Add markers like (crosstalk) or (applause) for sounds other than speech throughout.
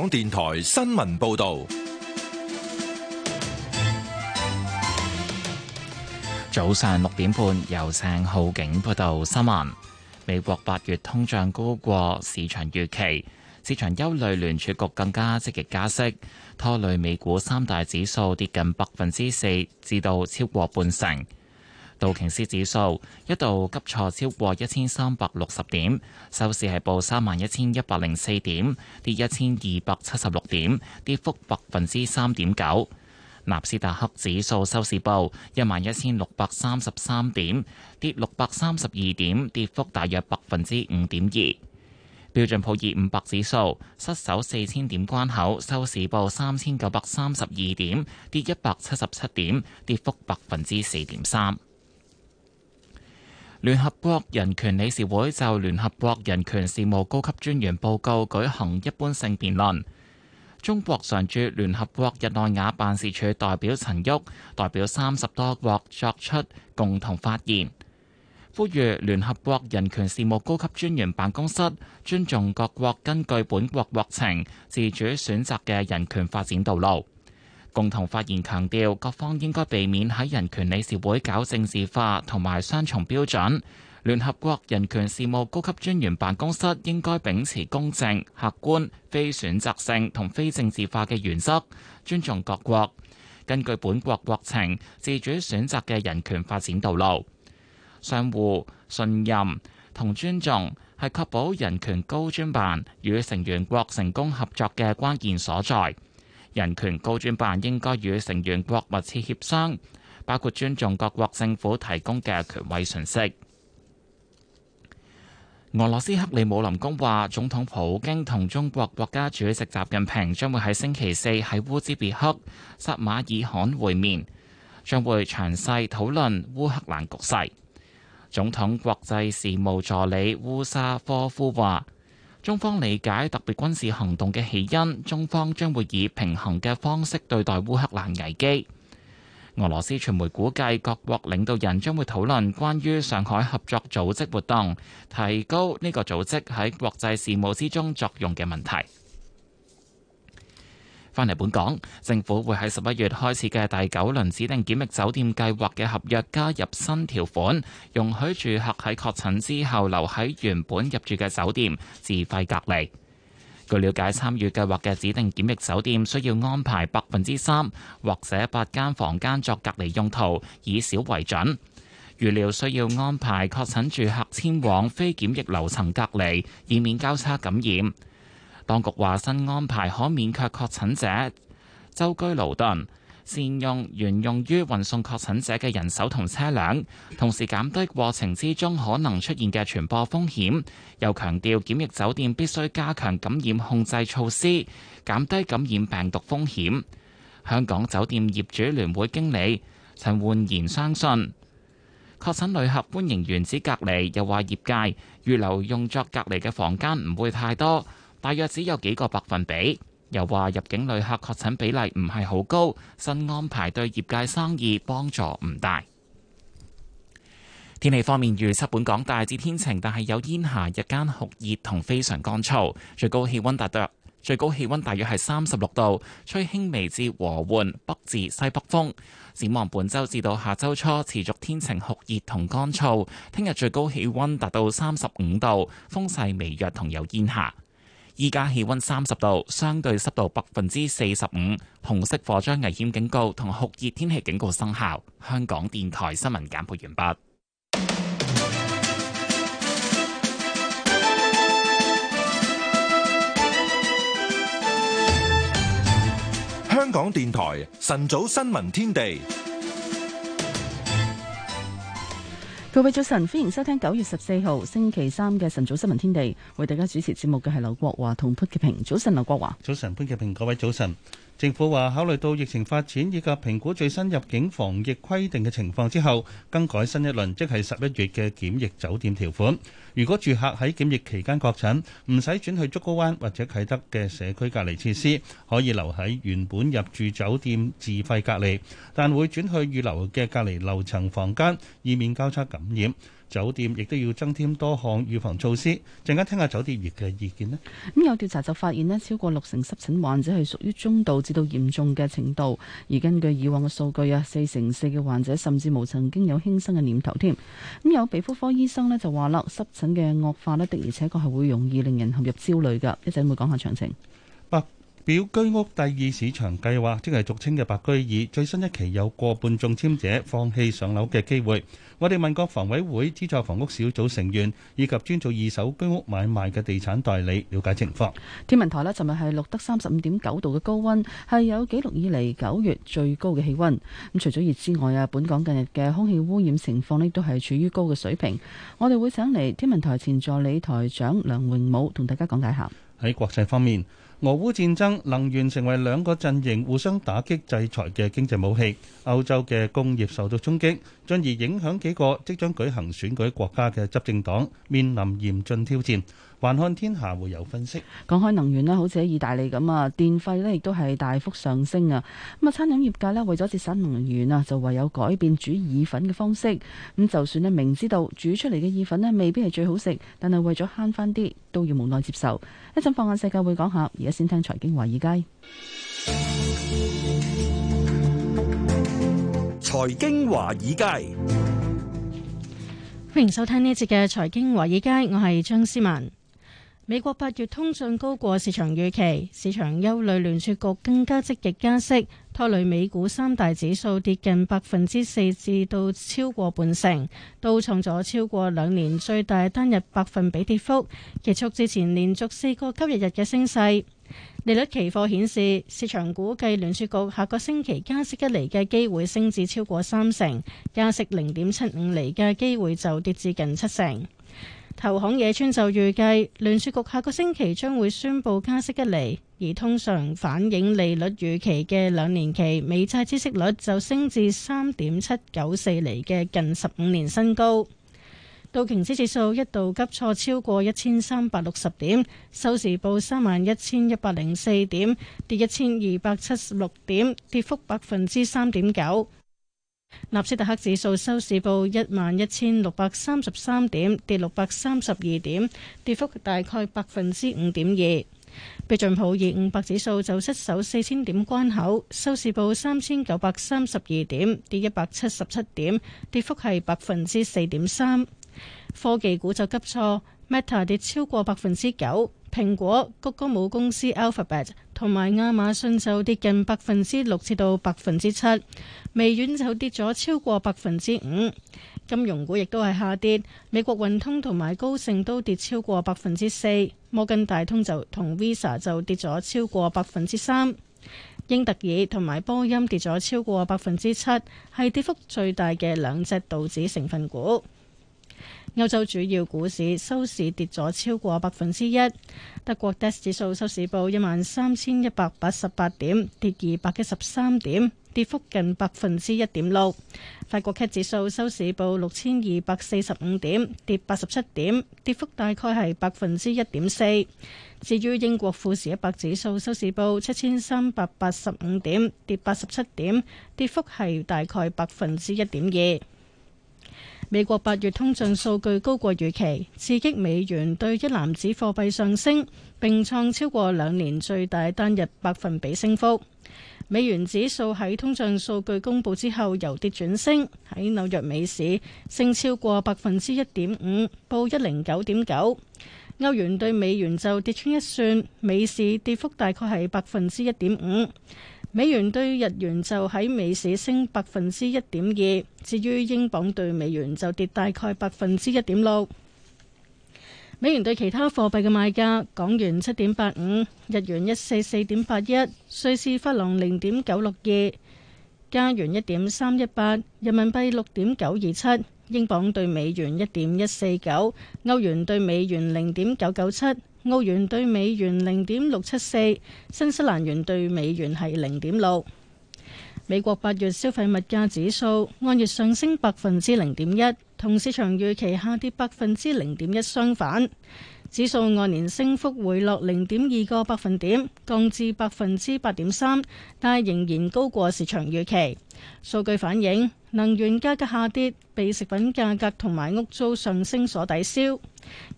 港電台新聞報道，早上六點半由鄭浩景報道新聞。美國八月通脹高過市場預期，市場憂慮聯儲局更加積極加息，拖累美股三大指數跌近百分之四至到超過半成。道瓊斯指數一度急挫超過一千三百六十點，收市係報三萬一千一百零四點，跌一千二百七十六點，跌幅百分之三點九。納斯達克指數收市報一萬一千六百三十三點，跌六百三十二點，跌幅大約百分之五點二。標準普爾五百指數失守四千點關口，收市報三千九百三十二點，跌一百七十七點，跌幅百分之四點三。聯合國人權理事會就聯合國人權事務高級專員報告舉行一般性辯論。中國常駐聯合國日內瓦辦事處代表陳旭代表三十多國作出共同發言，呼籲聯合國人權事務高級專員辦公室尊重各國根據本國國情自主選擇嘅人權發展道路。共同發言強調，各方應該避免喺人權理事會搞政治化同埋雙重標準。聯合國人權事務高級專員辦公室應該秉持公正、客觀、非選擇性同非政治化嘅原則，尊重各國根據本國國情自主選擇嘅人權發展道路。相互信任同尊重係確保人權高專辦與成員國成功合作嘅關鍵所在。人權高專辦應該與成員國密切協商，包括尊重各國政府提供嘅權威信息。俄羅斯克里姆林宮話，總統普京同中國國家主席習近平將會喺星期四喺烏茲別克撒馬爾罕會面，將會詳細討論烏克蘭局勢。總統國際事務助理烏沙科夫話。中方理解特別軍事行動嘅起因，中方將會以平衡嘅方式對待烏克蘭危機。俄羅斯傳媒估計，各國領導人將會討論關於上海合作組織活動，提高呢個組織喺國際事務之中作用嘅問題。返嚟本港，政府會喺十一月開始嘅第九輪指定檢疫酒店計劃嘅合約加入新條款，容許住客喺確診之後留喺原本入住嘅酒店自費隔離。據了解，參與計劃嘅指定檢疫酒店需要安排百分之三或者八間房間作隔離用途，以少為準。預料需要安排確診住客遷往非檢疫樓層隔離，以免交叉感染。當局話：新安排可免卻確診者周居勞頓，善用原用於運送確診者嘅人手同車輛，同時減低過程之中可能出現嘅傳播風險。又強調，檢疫酒店必須加強感染控制措施，減低感染病毒風險。香港酒店業主聯會經理陳換然相信確診旅客歡迎原子隔離，又話業界預留用作隔離嘅房間唔會太多。大約只有幾個百分比，又話入境旅客確診比例唔係好高。新安排對業界生意幫助唔大。天氣方面，預測本港大致天晴，但係有煙霞，日間酷熱同非常乾燥。最高氣溫達到，最高氣溫大約係三十六度，吹輕微至和緩，北至西北風。展望本周至到下周初，持續天晴酷熱同乾燥。聽日最高氣溫達到三十五度，風勢微弱，同有煙霞。依家氣温三十度，相對濕度百分之四十五，紅色火災危險警告同酷熱天氣警告生效。香港電台新聞簡報完畢。香港電台晨早新聞天地。各位早晨，歡迎收聽九月十四號星期三嘅晨早新聞天地。為大家主持節目嘅係劉國華同潘潔平。早晨，劉國華。早晨，潘潔平。各位早晨。政府話考慮到疫情發展以及評估最新入境防疫規定嘅情況之後，更改新一輪，即係十一月嘅檢疫酒店條款。如果住客喺檢疫期間確診，唔使轉去竹篙灣或者啟德嘅社區隔離設施，可以留喺原本入住酒店自費隔離，但會轉去預留嘅隔離樓層房間，以免交叉感染。酒店亦都要增添多項預防措施，陣間聽下酒店業嘅意見咧。咁有調查就發現咧，超過六成濕疹患者係屬於中度至到嚴重嘅程度，而根據以往嘅數據啊，四成四嘅患者甚至無曾經有輕生嘅念頭添。咁有皮膚科醫生呢就話啦，濕疹嘅惡化呢，的而且確係會容易令人陷入焦慮㗎。一陣會講下詳情。表居屋第二市場計劃，即係俗稱嘅白居二最新一期，有過半中簽者放棄上樓嘅機會。我哋問過房委會資助房屋小組成員以及專做二手居屋買賣嘅地產代理了解情況。天文台咧，尋日係錄得三十五點九度嘅高溫，係有紀錄以嚟九月最高嘅氣溫。咁除咗熱之外啊，本港近日嘅空氣污染情況咧都係處於高嘅水平。我哋會請嚟天文台前助理台長梁榮武同大家講解下。喺國際方面。俄烏戰爭能源成為兩個陣營互相打擊制裁嘅經濟武器，歐洲嘅工業受到衝擊，進而影響幾個即將舉行選舉國家嘅執政黨，面臨嚴峻挑戰。還看天下會有分析。講開能源咧，好似喺意大利咁啊，電費呢亦都係大幅上升啊。咁啊，餐飲業界呢，為咗節省能源啊，就唯有改變煮意粉嘅方式。咁就算咧，明知道煮出嚟嘅意粉呢未必係最好食，但係為咗慳翻啲，都要無奈接受。一陣放眼世界會講下，而家先聽財經華爾街。財經華爾街，街歡迎收聽呢一節嘅財經華爾街，我係張思文。美國八月通脹高過市場預期，市場憂慮聯儲局更加積極加息，拖累美股三大指數跌近百分之四至到超過半成，都創咗超過兩年最大單日百分比跌幅，結束之前連續四個交易日嘅升勢。利率期貨顯示，市場估計聯儲局下個星期加息一厘嘅機會升至超過三成，加息零點七五厘嘅機會就跌至近七成。投行野村就預計聯儲局下個星期將會宣布加息一厘，而通常反映利率預期嘅兩年期美債孳息率就升至三點七九四厘嘅近十五年新高。道瓊斯指數一度急挫超過一千三百六十點，收市報三萬一千一百零四點，跌一千二百七十六點，跌幅百分之三點九。納斯達克指數收市報一萬一千六百三十三點，跌六百三十二點，跌幅大概百分之五點二。標準普爾五百指數就失守四千點關口，收市報三千九百三十二點，跌一百七十七點，跌幅係百分之四點三。科技股就急挫。Meta 跌超過百分之九，蘋果、谷歌母公司 Alphabet 同埋亞馬遜就跌近百分之六至到百分之七，微軟就跌咗超過百分之五。金融股亦都係下跌，美國運通同埋高盛都跌超過百分之四，摩根大通就同 Visa 就跌咗超過百分之三。英特爾同埋波音跌咗超過百分之七，係跌幅最大嘅兩隻道指成分股。歐洲主要股市收市跌咗超過百分之一。德國 DAX 指數收市報一萬三千一百八十八點，跌二百一十三點，跌幅近百分之一點六。法國 CAC 指數收市報六千二百四十五點，跌八十七點，跌幅大概係百分之一點四。至於英國富時一百指數收市報七千三百八十五點，跌八十七點，跌幅係大概百分之一點二。美國八月通脹數據高過預期，刺激美元對一籃子貨幣上升，並創超過兩年最大單日百分比升幅。美元指數喺通脹數據公布之後由跌轉升，喺紐約美市升超過百分之一點五，報一零九點九。歐元對美元就跌穿一算，美市跌幅大概係百分之一點五。美元兌日元就喺美市升百分之一點二，至於英鎊對美元就跌大概百分之一點六。美元對其他貨幣嘅賣價：港元七點八五，日元一四四點八一，瑞士法郎零點九六二，加元一點三一八，人民幣六點九二七，英鎊對美元一點一四九，歐元對美元零點九九七。澳元兌美元零點六七四，新西蘭元兌美元係零點六。美國八月消費物價指數按月上升百分之零點一，同市場預期下跌百分之零點一相反。指數按年升幅回落零點二個百分點，降至百分之八點三，但仍然高過市場預期。數據反映。能源價格下跌，被食品價格同埋屋租上升所抵消。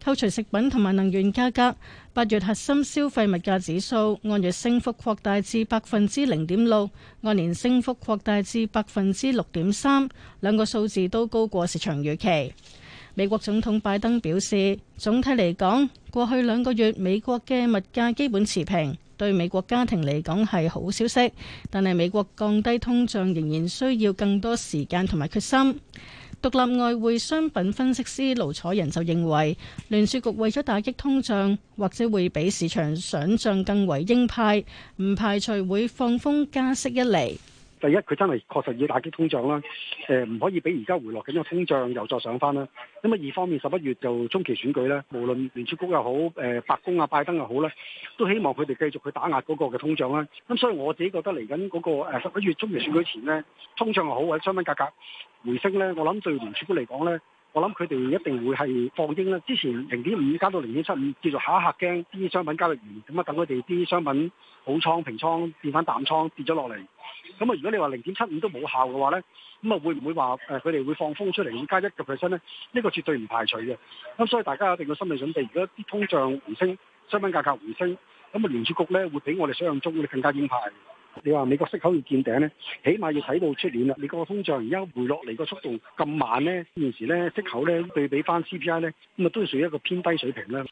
扣除食品同埋能源價格，八月核心消費物價指數按月升幅擴大至百分之零點六，按年升幅擴大至百分之六點三，兩個數字都高過市場預期。美國總統拜登表示，總體嚟講，過去兩個月美國嘅物價基本持平。對美國家庭嚟講係好消息，但係美國降低通脹仍然需要更多時間同埋決心。獨立外匯商品分析師盧楚仁就認為，聯儲局為咗打擊通脹，或者會比市場想象更為鷹派，唔排除會放風加息一厘。第一，佢真係確實要打擊通脹啦，誒唔可以俾而家回落緊個通脹又再上翻啦。咁啊，二方面十一月就中期選舉咧，無論聯儲局又好，誒白宮啊拜登又好咧，都希望佢哋繼續去打壓嗰個嘅通脹啦。咁所以我自己覺得嚟緊嗰個誒十一月中期選舉前咧，通脹又好，或者商品價格回升咧，我諗對聯儲局嚟講咧，我諗佢哋一定會係放鷹啦。之前零點五加到零點七五，叫做下一刻驚啲商品交易完，咁啊等佢哋啲商品好倉平倉變翻淡倉跌咗落嚟。咁啊！如果你話零點七五都冇效嘅話咧，咁啊會唔會話誒佢哋會放風出嚟五加一個 percent 咧？呢個絕對唔排除嘅。咁所以大家一定要心理準備。如果啲通脹回升，商品價格回升，咁啊聯儲局咧會比我哋想象中咧更加硬派。你話美國息口要見頂咧，起碼要睇到出年啦。你個通脹而家回落嚟個速度咁慢咧，現時咧息口咧對比翻 C P I 咧，咁啊都係屬於一個偏低水平啦。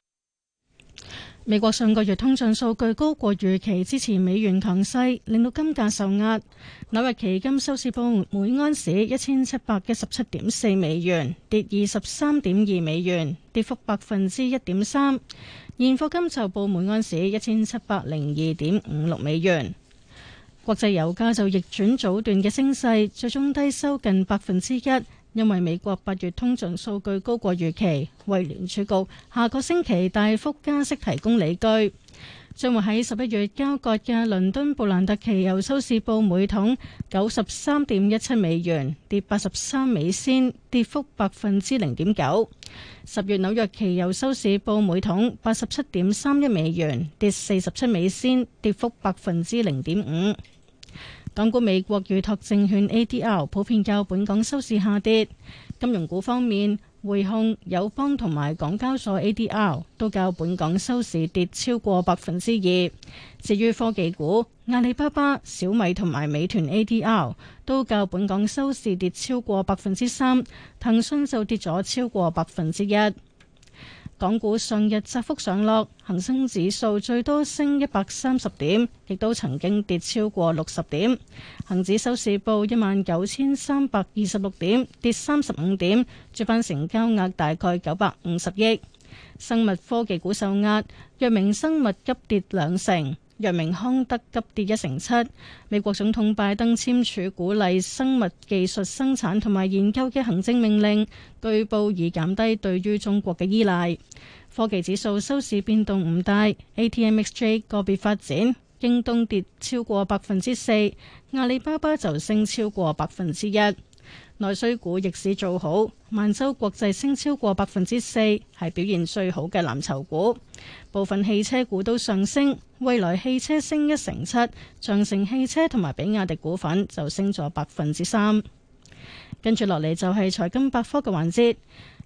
美國上個月通脹數據高過預期，支持美元強勢，令到金價受壓。紐約期金收市報每安士一千七百一十七點四美元，跌二十三點二美元，跌幅百分之一點三。現貨金就報每安士一千七百零二點五六美元。國際油價就逆轉早段嘅升勢，最終低收近百分之一。因為美國八月通脹數據高過預期，為聯儲局下個星期大幅加息提供理據。最後喺十一月交割嘅倫敦布蘭特期油收市報每桶九十三點一七美元，跌八十三美仙，跌幅百分之零點九。十月紐約期油收市報每桶八十七點三一美元，跌四十七美仙，跌幅百分之零點五。港股美國預託證券 ADR 普遍較本港收市下跌，金融股方面，匯控、友邦同埋港交所 ADR 都較本港收市跌超過百分之二。至於科技股，阿里巴巴、小米同埋美團 ADR 都較本港收市跌超過百分之三，騰訊就跌咗超過百分之一。港股上日窄幅上落，恒生指數最多升一百三十點，亦都曾經跌超過六十點。恒指收市報一萬九千三百二十六點，跌三十五點，主板成交額大概九百五十億。生物科技股受壓，藥明生物急跌兩成。藥明康德急跌一成七。美國總統拜登簽署鼓勵生物技術生產同埋研究嘅行政命令，據報以減低對於中國嘅依賴。科技指數收市變動唔大，A T M X J 個別發展，京東跌超過百分之四，阿里巴巴就升超過百分之一。內需股逆市做好，萬洲國際升超過百分之四，係表現最好嘅藍籌股。部分汽車股都上升，蔚來汽車升一成七，長城汽車同埋比亞迪股份就升咗百分之三。跟住落嚟就係財金百科嘅環節。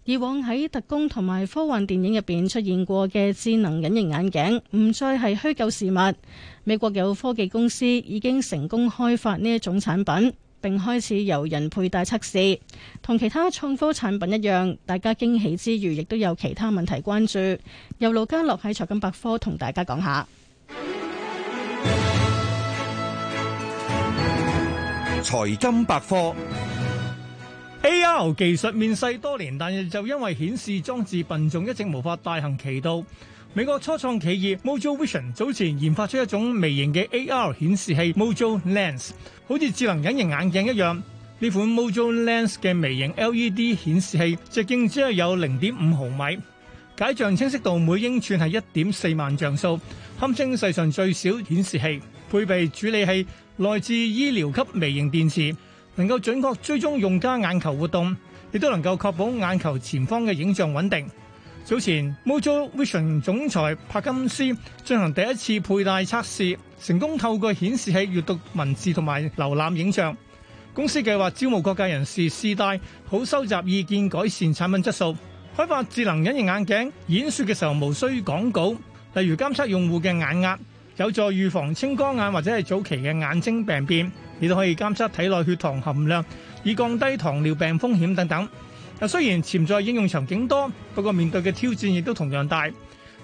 以往喺特工同埋科幻電影入邊出現過嘅智能隱形眼鏡，唔再係虛構事物。美國有科技公司已經成功開發呢一種產品。並開始由人佩戴測試，同其他創科產品一樣，大家驚喜之餘，亦都有其他問題關注。由盧家樂喺財金百科同大家講下。財金百科，AR 技術面世多年，但係就因為顯示裝置笨重，一直無法大行其道。美國初創企業 Mojo Vision 早前研發出一種微型嘅 AR 顯示器 Mojo Lens，好似智能隱形眼鏡一樣。呢款 Mojo Lens 嘅微型 LED 顯示器直徑只係有0.5毫米，解像清晰度每英寸係1.4萬像素，堪稱世上最小顯示器。配備處理器，內置醫療級微型電池，能夠準確追蹤用家眼球活動，亦都能夠確保眼球前方嘅影像穩定。早前 Mojo Vision 總裁帕金斯進行第一次佩戴測試，成功透過顯示器閱讀文字同埋瀏覽影像。公司計劃招募各界人士試戴，好收集意見改善產品質素。開發智能隱形眼鏡，演說嘅時候無需講稿，例如監測用戶嘅眼壓，有助預防青光眼或者係早期嘅眼睛病變，亦都可以監測體內血糖含量，以降低糖尿病風險等等。雖然潛在應用場景多，不過面對嘅挑戰亦都同樣大。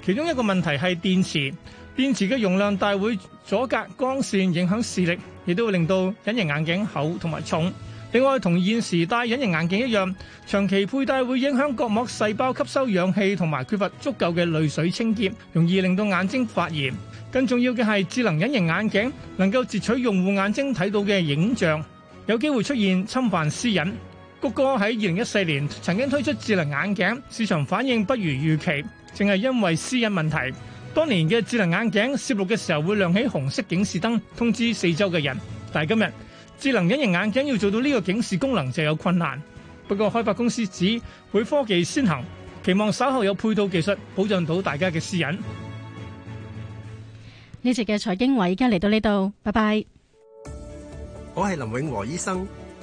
其中一個問題係電池，電池嘅容量大會阻隔光線，影響視力，亦都會令到隱形眼鏡厚同埋重。另外，同現時戴隱形眼鏡一樣，長期佩戴會影響角膜細胞吸收氧氣同埋缺乏足夠嘅淚水清潔，容易令到眼睛發炎。更重要嘅係智能隱形眼鏡能夠截取用戶眼睛睇到嘅影像，有機會出現侵犯私隱。谷歌喺二零一四年曾經推出智能眼鏡，市場反應不如預期，淨係因為私隱問題。當年嘅智能眼鏡攝錄嘅時候會亮起紅色警示燈，通知四周嘅人，但係今日智能隱形眼鏡要做到呢個警示功能就有困難。不過開發公司指會科技先行，期望稍後有配套技術保障到大家嘅私隱。呢集嘅財經話而家嚟到呢度，拜拜。我係林永和醫生。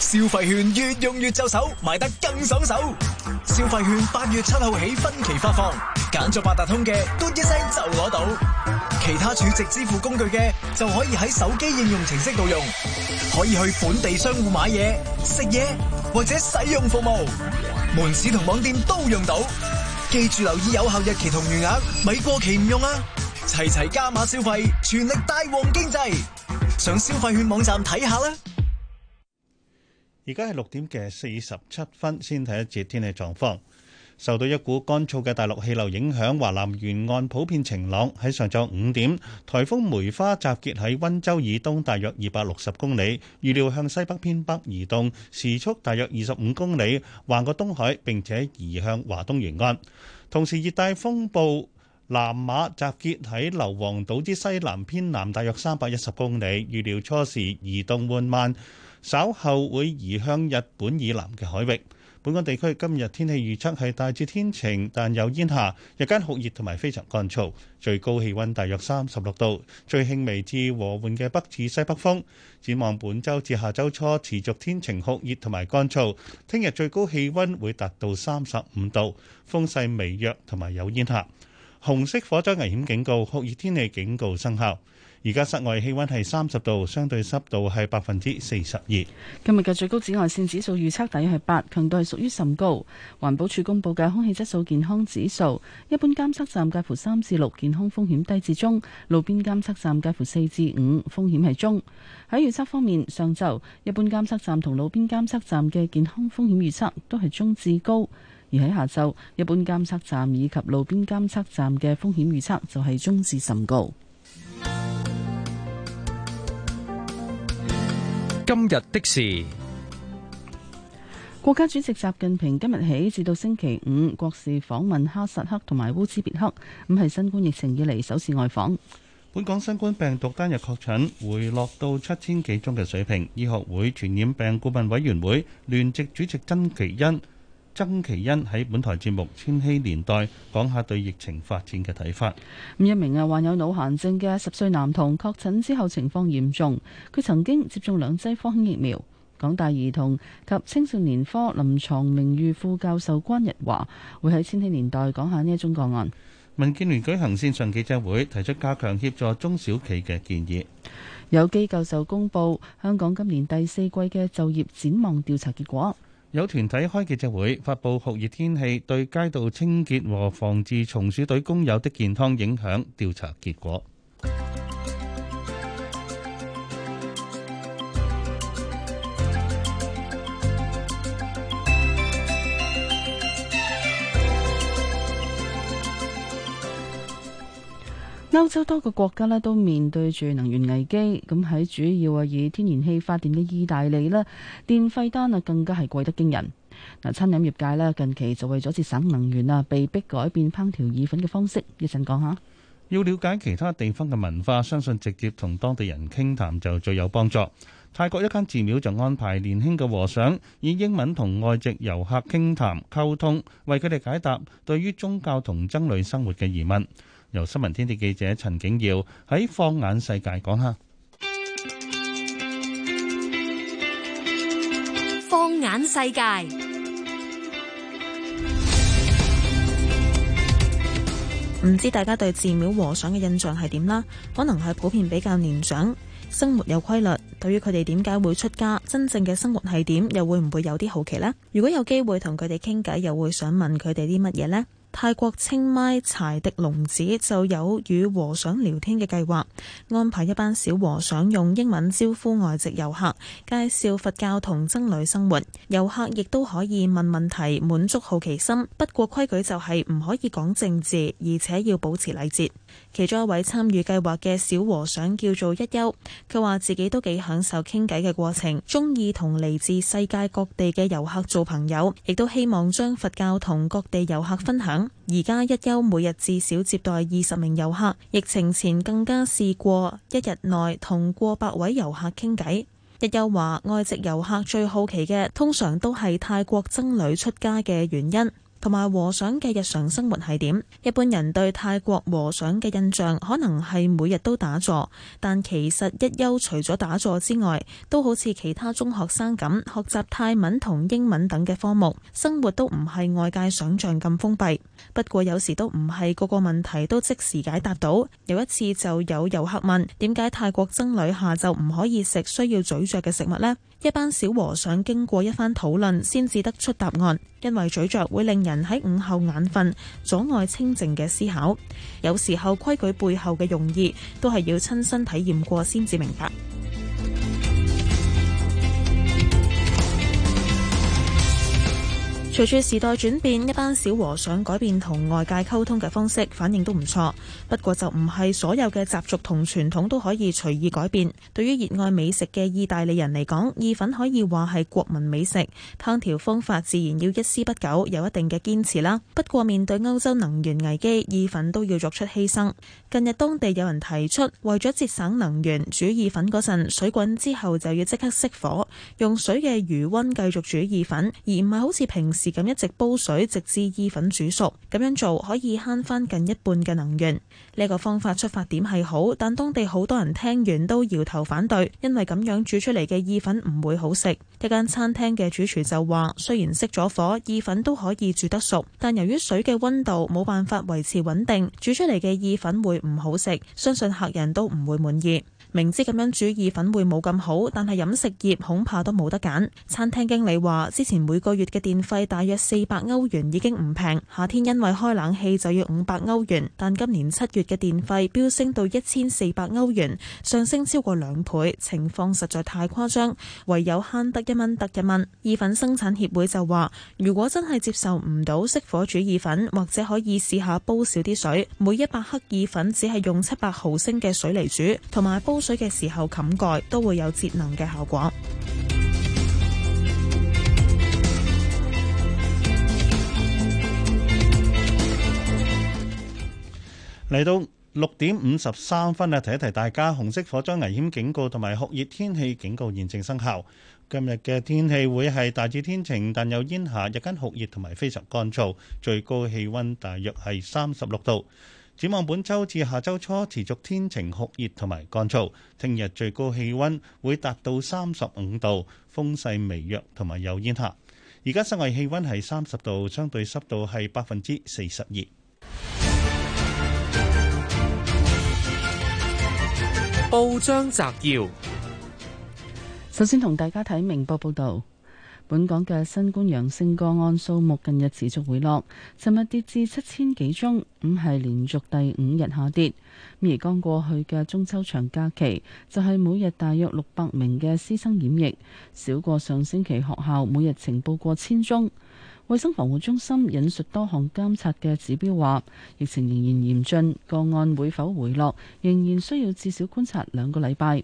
消費券越用越就手，買得更爽手。消費券八月七號起分期發放，揀咗八達通嘅，嘟一聲就攞到；其他儲值支付工具嘅，就可以喺手機應用程式度用。可以去本地商戶買嘢、食嘢或者使用服務，門市同網店都用到。記住留意有效日期同餘額，咪過期唔用啦！齊齊加碼消費，全力帶旺經濟，上消費券網站睇下啦！而家係六點嘅四十七分，先睇一節天氣狀況。受到一股乾燥嘅大陸氣流影響，華南沿岸普遍晴朗。喺上晝五點，颱風梅花集結喺温州以東大約二百六十公里，預料向西北偏北移動，時速大約二十五公里，橫過東海並且移向華東沿岸。同時，熱帶風暴南馬集結喺硫黃島之西南偏南大約三百一十公里，預料初時移動緩慢。稍後會移向日本以南嘅海域。本港地區今日天氣預測係大致天晴，但有煙霞，日間酷熱同埋非常乾燥，最高氣温大約三十六度，最輕微至和緩嘅北至西北風。展望本週至下周初持續天晴酷熱同埋乾燥，聽日最高氣溫會達到三十五度，風勢微弱同埋有煙霞。紅色火災危險警告、酷熱天氣警告生效。而家室外氣溫係三十度，相對濕度係百分之四十二。今日嘅最高紫外線指數預測，大約係八，強度係屬於甚高。環保署公佈嘅空氣質素健康指數，一般監測站介乎三至六，健康風險低至中；路邊監測站介乎四至五，風險係中。喺預測方面，上晝一般監測站同路邊監測站嘅健康風險預測都係中至高，而喺下晝，一般監測站以及路邊監測站嘅風險預測就係中至甚高。今日的事，國家主席習近平今日起至到星期五，國事訪問哈薩克同埋烏茲別克，咁係新冠疫情以嚟首次外訪。本港新冠病毒單日確診回落到七千幾宗嘅水平，醫學會傳染病顧問委員會聯席主席曾其恩。曾其恩喺本台節目《千禧年代》講下對疫情發展嘅睇法。一名啊患有腦癇症嘅十歲男童確診之後情況嚴重，佢曾經接種兩劑科興疫苗。港大兒童及青少年科臨床名譽副教授關日華會喺《千禧年代》講下呢一宗個案。民建聯舉行線上記者會，提出加強協助中小企嘅建議。有機構就公佈香港今年第四季嘅就業展望調查結果。有團體開記者會，發布酷熱天氣對街道清潔和防治松鼠隊工友的健康影響調查結果。歐洲多個國家咧都面對住能源危機，咁喺主要啊以天然氣發電嘅意大利，呢電費單啊更加係貴得驚人。嗱，餐飲業界咧近期就為咗節省能源啊，被迫改變烹調意粉嘅方式。一陣講下，要了解其他地方嘅文化，相信直接同當地人傾談就最有幫助。泰國一間寺廟就安排年輕嘅和尚以英文同外籍遊客傾談溝通，為佢哋解答對於宗教同僧侶生活嘅疑問。由新聞天地記者陳景耀喺放眼世界講下，放眼世界，唔知大家對寺廟和尚嘅印象係點啦？可能係普遍比較年長，生活有規律。對於佢哋點解會出家，真正嘅生活係點，又會唔會有啲好奇呢？如果有機會同佢哋傾偈，又會想問佢哋啲乜嘢呢？泰國清邁柴迪龍寺就有與和尚聊天嘅計劃，安排一班小和尚用英文招呼外籍遊客，介紹佛教同僧侶生活。遊客亦都可以問問題，滿足好奇心。不過規矩就係唔可以講政治，而且要保持禮節。其中一位參與計劃嘅小和尚叫做一休，佢話自己都幾享受傾偈嘅過程，中意同嚟自世界各地嘅遊客做朋友，亦都希望將佛教同各地遊客分享。而家一休每日至少接待二十名遊客，疫情前更加試過一日內同過百位遊客傾偈。一休話，外籍遊客最好奇嘅通常都係泰國僧侶出家嘅原因。同埋和尚嘅日常生活係點，一般人對泰國和尚嘅印象可能係每日都打坐，但其實一休除咗打坐之外，都好似其他中學生咁學習泰文同英文等嘅科目，生活都唔係外界想象咁封閉，不過有時都唔係個個問題都即時解答到。有一次就有遊客問點解泰國僧侶下晝唔可以食需要咀嚼嘅食物呢？一班小和尚經過一番討論，先至得出答案。因為咀嚼會令人喺午後眼瞓，阻礙清靜嘅思考。有時候規矩背後嘅用意，都係要親身體驗過先至明白。隨住時代轉變，一班小和尚改變同外界溝通嘅方式，反應都唔錯。不過就唔係所有嘅習俗同傳統都可以隨意改變。對於熱愛美食嘅意大利人嚟講，意粉可以話係國民美食，烹調方法自然要一絲不苟，有一定嘅堅持啦。不過面對歐洲能源危機，意粉都要作出犧牲。近日當地有人提出，為咗節省能源，煮意粉嗰陣水滾之後就要即刻熄火，用水嘅餘温繼續煮意粉，而唔係好似平時。是咁一直煲水，直至意粉煮熟。咁樣做可以慳翻近一半嘅能源。呢個方法出發點係好，但當地好多人聽完都搖頭反對，因為咁樣煮出嚟嘅意粉唔會好食。一間餐廳嘅主廚就話，雖然熄咗火，意粉都可以煮得熟，但由於水嘅溫度冇辦法維持穩定，煮出嚟嘅意粉會唔好食，相信客人都唔會滿意。明知咁樣煮意粉會冇咁好，但係飲食業恐怕都冇得揀。餐廳經理話：之前每個月嘅電費大約四百歐元已經唔平，夏天因為開冷氣就要五百歐元。但今年七月嘅電費飆升到一千四百歐元，上升超過兩倍，情況實在太誇張，唯有慳得一蚊得一蚊。意粉生產協會就話：如果真係接受唔到熄火煮意粉，或者可以試下煲少啲水，每一百克意粉只係用七百毫升嘅水嚟煮，同埋煲水嘅時候，冚蓋都會有節能嘅效果。嚟到六點五十三分啊，提一提大家，紅色火災危險警告同埋酷熱天氣警告現正生效。今日嘅天氣會係大致天晴，但有煙霞，日間酷熱同埋非常乾燥，最高氣溫大約係三十六度。展望本周至下周初持續天晴酷熱同埋乾燥，聽日最高氣溫會達到三十五度，風勢微弱同埋有煙霞。而家室外氣溫係三十度，相對濕度係百分之四十二。報章摘要，首先同大家睇明報報道。本港嘅新冠陽性個案數目近日持續回落，尋日跌至七千幾宗，咁係連續第五日下跌。而剛過去嘅中秋長假期，就係、是、每日大約六百名嘅師生染疫，少過上星期學校每日呈報過千宗。衛生防護中心引述多項監測嘅指標話，疫情仍然嚴峻，個案會否回落，仍然需要至少觀察兩個禮拜。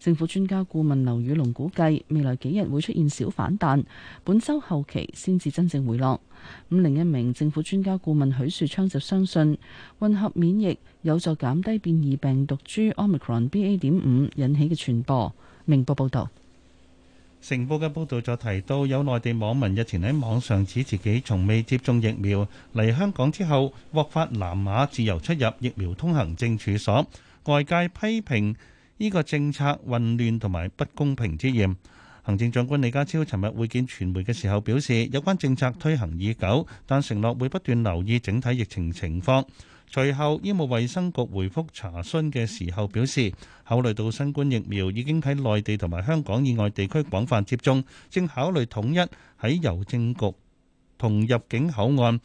政府專家顧問劉宇龍估計，未來幾日會出現小反彈，本週後期先至真正回落。咁另一名政府專家顧問許樹昌就相信，混合免疫有助減低變異病毒株 Omicron BA. 點五引起嘅傳播。明報報道，《成報》嘅報導就提到，有內地網民日前喺網上指自己從未接種疫苗，嚟香港之後獲發藍碼自由出入疫苗通行證處所，外界批評呢個政策混亂同埋不公平之嫌。行政長官李家超尋日會見傳媒嘅時候表示，有關政策推行已久，但承諾會不斷留意整體疫情情況。隨後，醫務衛生局回覆查詢嘅時候表示，考慮到新冠疫苗已經喺內地同埋香港以外地區廣泛接種，正考慮統一喺郵政局同入境口岸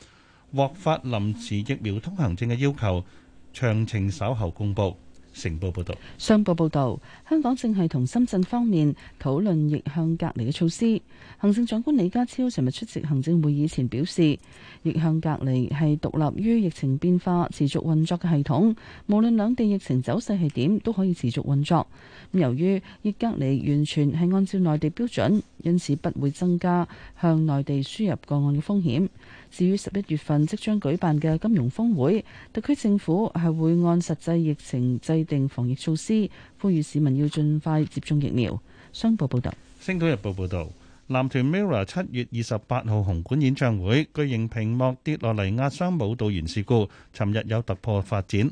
獲發臨時疫苗通行證嘅要求，詳情稍後公布。成報報導，商報報道，報報道香港正係同深圳方面討論逆向隔離嘅措施。行政長官李家超尋日出席行政會議前表示，逆向隔離係獨立於疫情變化持續運作嘅系統，無論兩地疫情走勢係點，都可以持續運作。由於逆隔離完全係按照內地標準，因此不會增加向內地輸入個案嘅風險。至於十一月份即將舉辦嘅金融峯會，特區政府係會按實際疫情制定防疫措施，呼籲市民要盡快接種疫苗。商報報導，《星島日報》報導，藍團 MIRROR 七月二十八號紅館演唱會巨型屏幕跌落嚟壓傷舞蹈員事故，尋日有突破發展。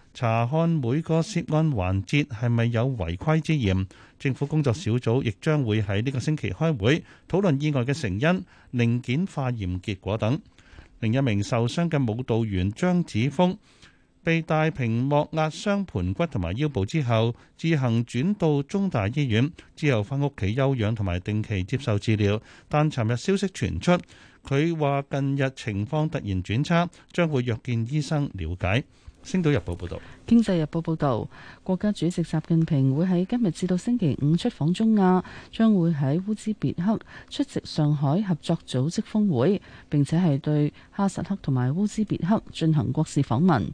查看每個涉案環節係咪有違規之嫌？政府工作小組亦將會喺呢個星期開會討論意外嘅成因、零件化驗結果等。另一名受傷嘅舞蹈員張子峰被大屏幕壓傷盆骨同埋腰部之後，自行轉到中大醫院，之後翻屋企休養同埋定期接受治療。但尋日消息傳出，佢話近日情況突然轉差，將會約見醫生了解。星島日報報道，經濟日報報道，國家主席習近平會喺今日至到星期五出訪中亞，將會喺烏茲別克出席上海合作組織峰會，並且係對哈薩克同埋烏茲別克進行國事訪問。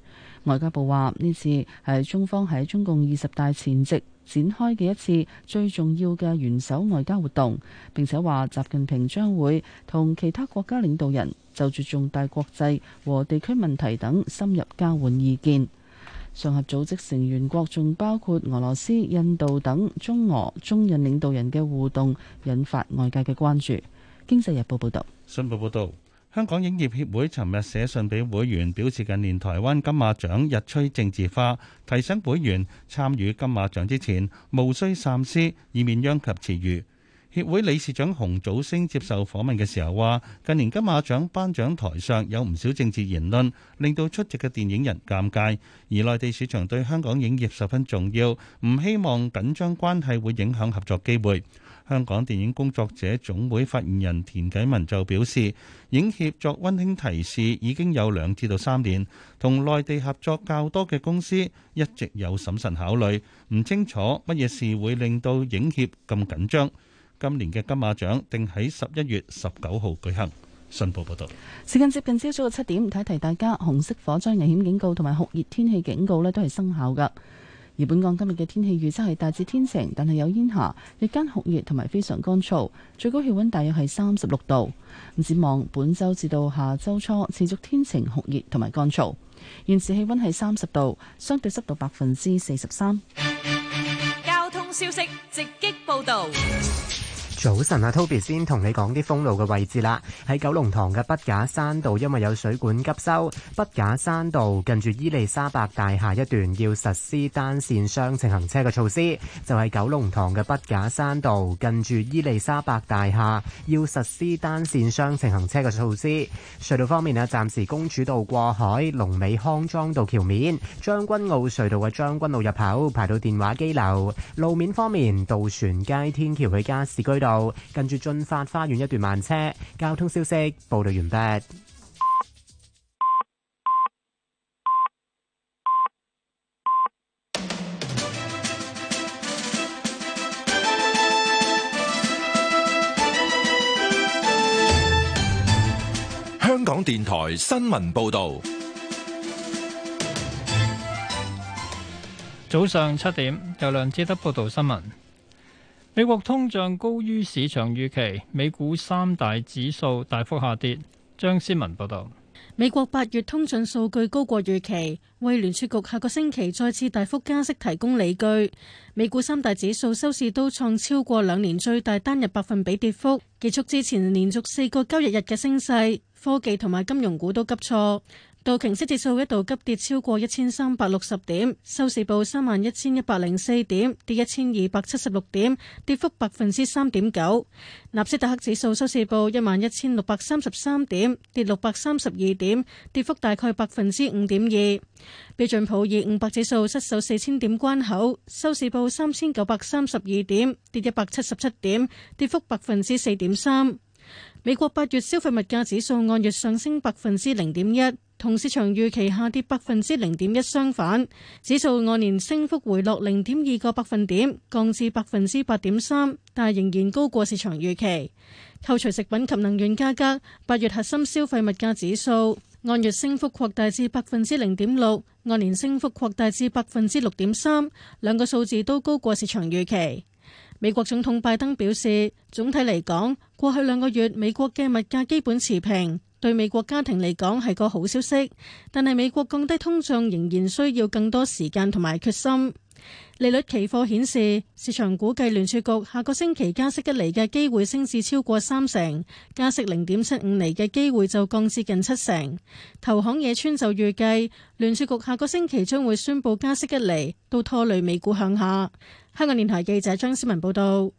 外交部話，呢次係中方喺中共二十大前夕。展開嘅一次最重要嘅元首外交活動，並且話習近平將會同其他國家領導人就住重大國際和地區問題等深入交換意見。上合組織成員國仲包括俄羅斯、印度等，中俄中印領導人嘅互動引發外界嘅關注。經濟日報報道，新報報道。香港影業協會尋日寫信俾會員，表示近年台灣金馬獎日趨政治化，提醒會員參與金馬獎之前，務須三思，以免殃及池魚。協會理事長洪祖星接受訪問嘅時候話：近年金馬獎頒獎台上有唔少政治言論，令到出席嘅電影人尷尬。而內地市場對香港影業十分重要，唔希望緊張關係會影響合作機會。香港電影工作者總會發言人田啟文就表示，影協作溫馨提示，已經有兩至到三年同內地合作較多嘅公司，一直有審慎考慮，唔清楚乜嘢事會令到影協咁緊張。今年嘅金馬獎定喺十一月十九號舉行。信報報道，時間接近朝早嘅七點，提一提大家，紅色火災危險警告同埋酷熱天氣警告咧都係生效噶而本港今日嘅天氣預測係大致天晴，但係有煙霞，日間酷熱同埋非常乾燥，最高氣溫大約係三十六度。展望本周至到下周初持續天晴、酷熱同埋乾燥，現時氣溫係三十度，相對濕度百分之四十三。交通消息直擊報道。早晨啊，Toby 先同你講啲封路嘅位置啦。喺九龍塘嘅北架山道，因為有水管急修，北架山道近住伊利沙伯大廈一段要實施單線雙程行車嘅措施，就係九龍塘嘅北架山道近住伊利沙伯大廈要實施單線雙程行車嘅措施。隧道方面啊，暫時公主道過海、龍尾康莊道橋面、將軍澳隧道嘅將軍澳入口排到電話機樓。路面方面，渡船街天橋去加士居道。跟住駿發花園一段慢車，交通消息報道完畢。香港電台新聞報道，早上七點由梁志德報道新聞。美國通脹高於市場預期，美股三大指數大幅下跌。張思文報道：美國八月通脹數據高過預期，為聯儲局下個星期再次大幅加息提供理據。美股三大指數收市都創超過兩年最大單日百分比跌幅，結束之前連續四個交易日嘅升勢。科技同埋金融股都急挫。道瓊斯指數一度急跌超過一千三百六十點，收市報三萬一千一百零四點，跌一千二百七十六點，跌幅百分之三點九。納斯達克指數收市報一萬一千六百三十三點，跌六百三十二點，跌幅大概百分之五點二。標準普爾五百指數失守四千點關口，收市報三千九百三十二點，跌一百七十七點，跌幅百分之四點三。美國八月消費物價指數按月上升百分之零點一。同市場預期下跌百分之零點一相反，指數按年升幅回落零點二個百分點，降至百分之八點三，但仍然高過市場預期。扣除食品及能源價格，八月核心消費物價指數按月升幅擴大至百分之零點六，按年升幅擴大至百分之六點三，兩個數字都高過市場預期。美國總統拜登表示，總體嚟講，過去兩個月美國嘅物價基本持平。對美國家庭嚟講係個好消息，但係美國降低通脹仍然需要更多時間同埋決心。利率期貨顯示，市場估計聯儲局下個星期加息一厘嘅機會升至超過三成，加息零點七五厘嘅機會就降至近七成。投行野村就預計，聯儲局下個星期將會宣布加息一厘，都拖累美股向下。香港電台記者張思文報道。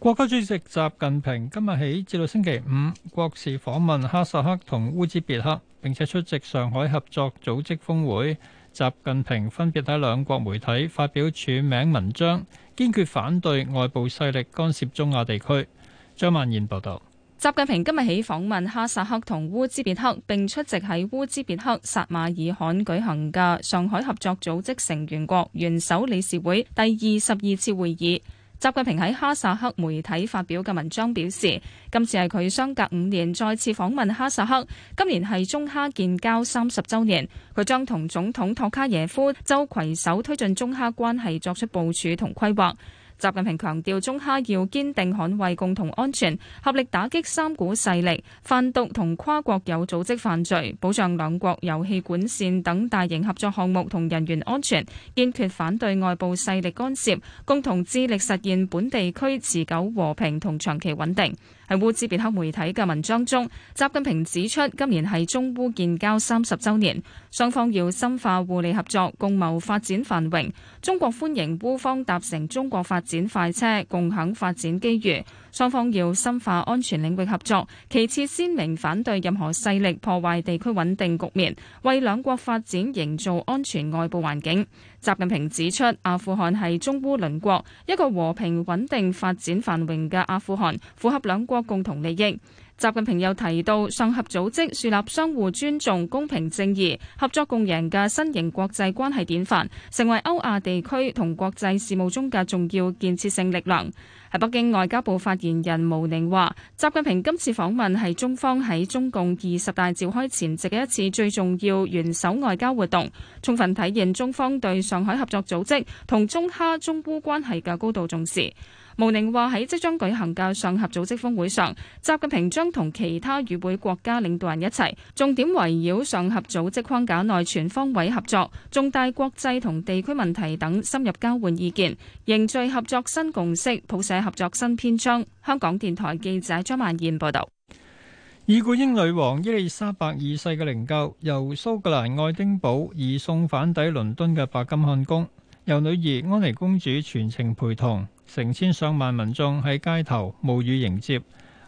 國家主席習近平今日起至到星期五國事訪問哈薩克同烏茲別克，並且出席上海合作組織峰會。習近平分別喺兩國媒體發表署名文章，堅決反對外部勢力干涉中亞地區。張曼燕報道。習近平今日起訪問哈薩克同烏茲別克，並出席喺烏茲別克撒馬爾罕舉行嘅上海合作組織成員國元首理事會第二十二次會議。習近平喺哈薩克媒體發表嘅文章表示，今次係佢相隔五年再次訪問哈薩克，今年係中哈建交三十周年，佢將同總統托卡耶夫周攜手推進中哈關係作出部署同規劃。習近平強調，中哈要堅定捍衛共同安全，合力打擊三股勢力、販毒同跨國有組織犯罪，保障兩國油氣管線等大型合作項目同人員安全，堅決反對外部勢力干涉，共同致力實現本地區持久和平同長期穩定。喺烏茲別克媒體嘅文章中，習近平指出，今年係中烏建交三十週年，雙方要深化互利合作，共謀發展繁榮。中國歡迎烏方搭乘中國發展快車，共享發展機遇。雙方要深化安全領域合作，其次鮮明反對任何勢力破壞地區穩定局面，為兩國發展營造安全外部環境。習近平指出，阿富汗係中烏鄰國，一個和平穩定、發展繁榮嘅阿富汗，符合兩國共同利益。習近平又提到，上合組織樹立相互尊重、公平正義、合作共贏嘅新型國際關係典範，成為歐亞地區同國際事務中嘅重要建設性力量。喺北京外交部發言人毛寧話，習近平今次訪問係中方喺中共二十大召開前夕嘅一次最重要元首外交活動，充分體現中方對上海合作組織同中哈、中烏關係嘅高度重視。毛寧話喺即將舉行嘅上合組織峰會上，習近平將同其他與會國家領導人一齊，重點圍繞上合組織框架內全方位合作、重大國際同地區問題等深入交換意見，凝聚合作新共識，譜寫合作新篇章。香港電台記者張萬燕報道。已故英女王伊麗莎白二世嘅靈柩由蘇格蘭愛丁堡移送返抵倫敦嘅白金漢宮，由女兒安妮公主全程陪同。成千上萬民眾喺街頭冒雨迎接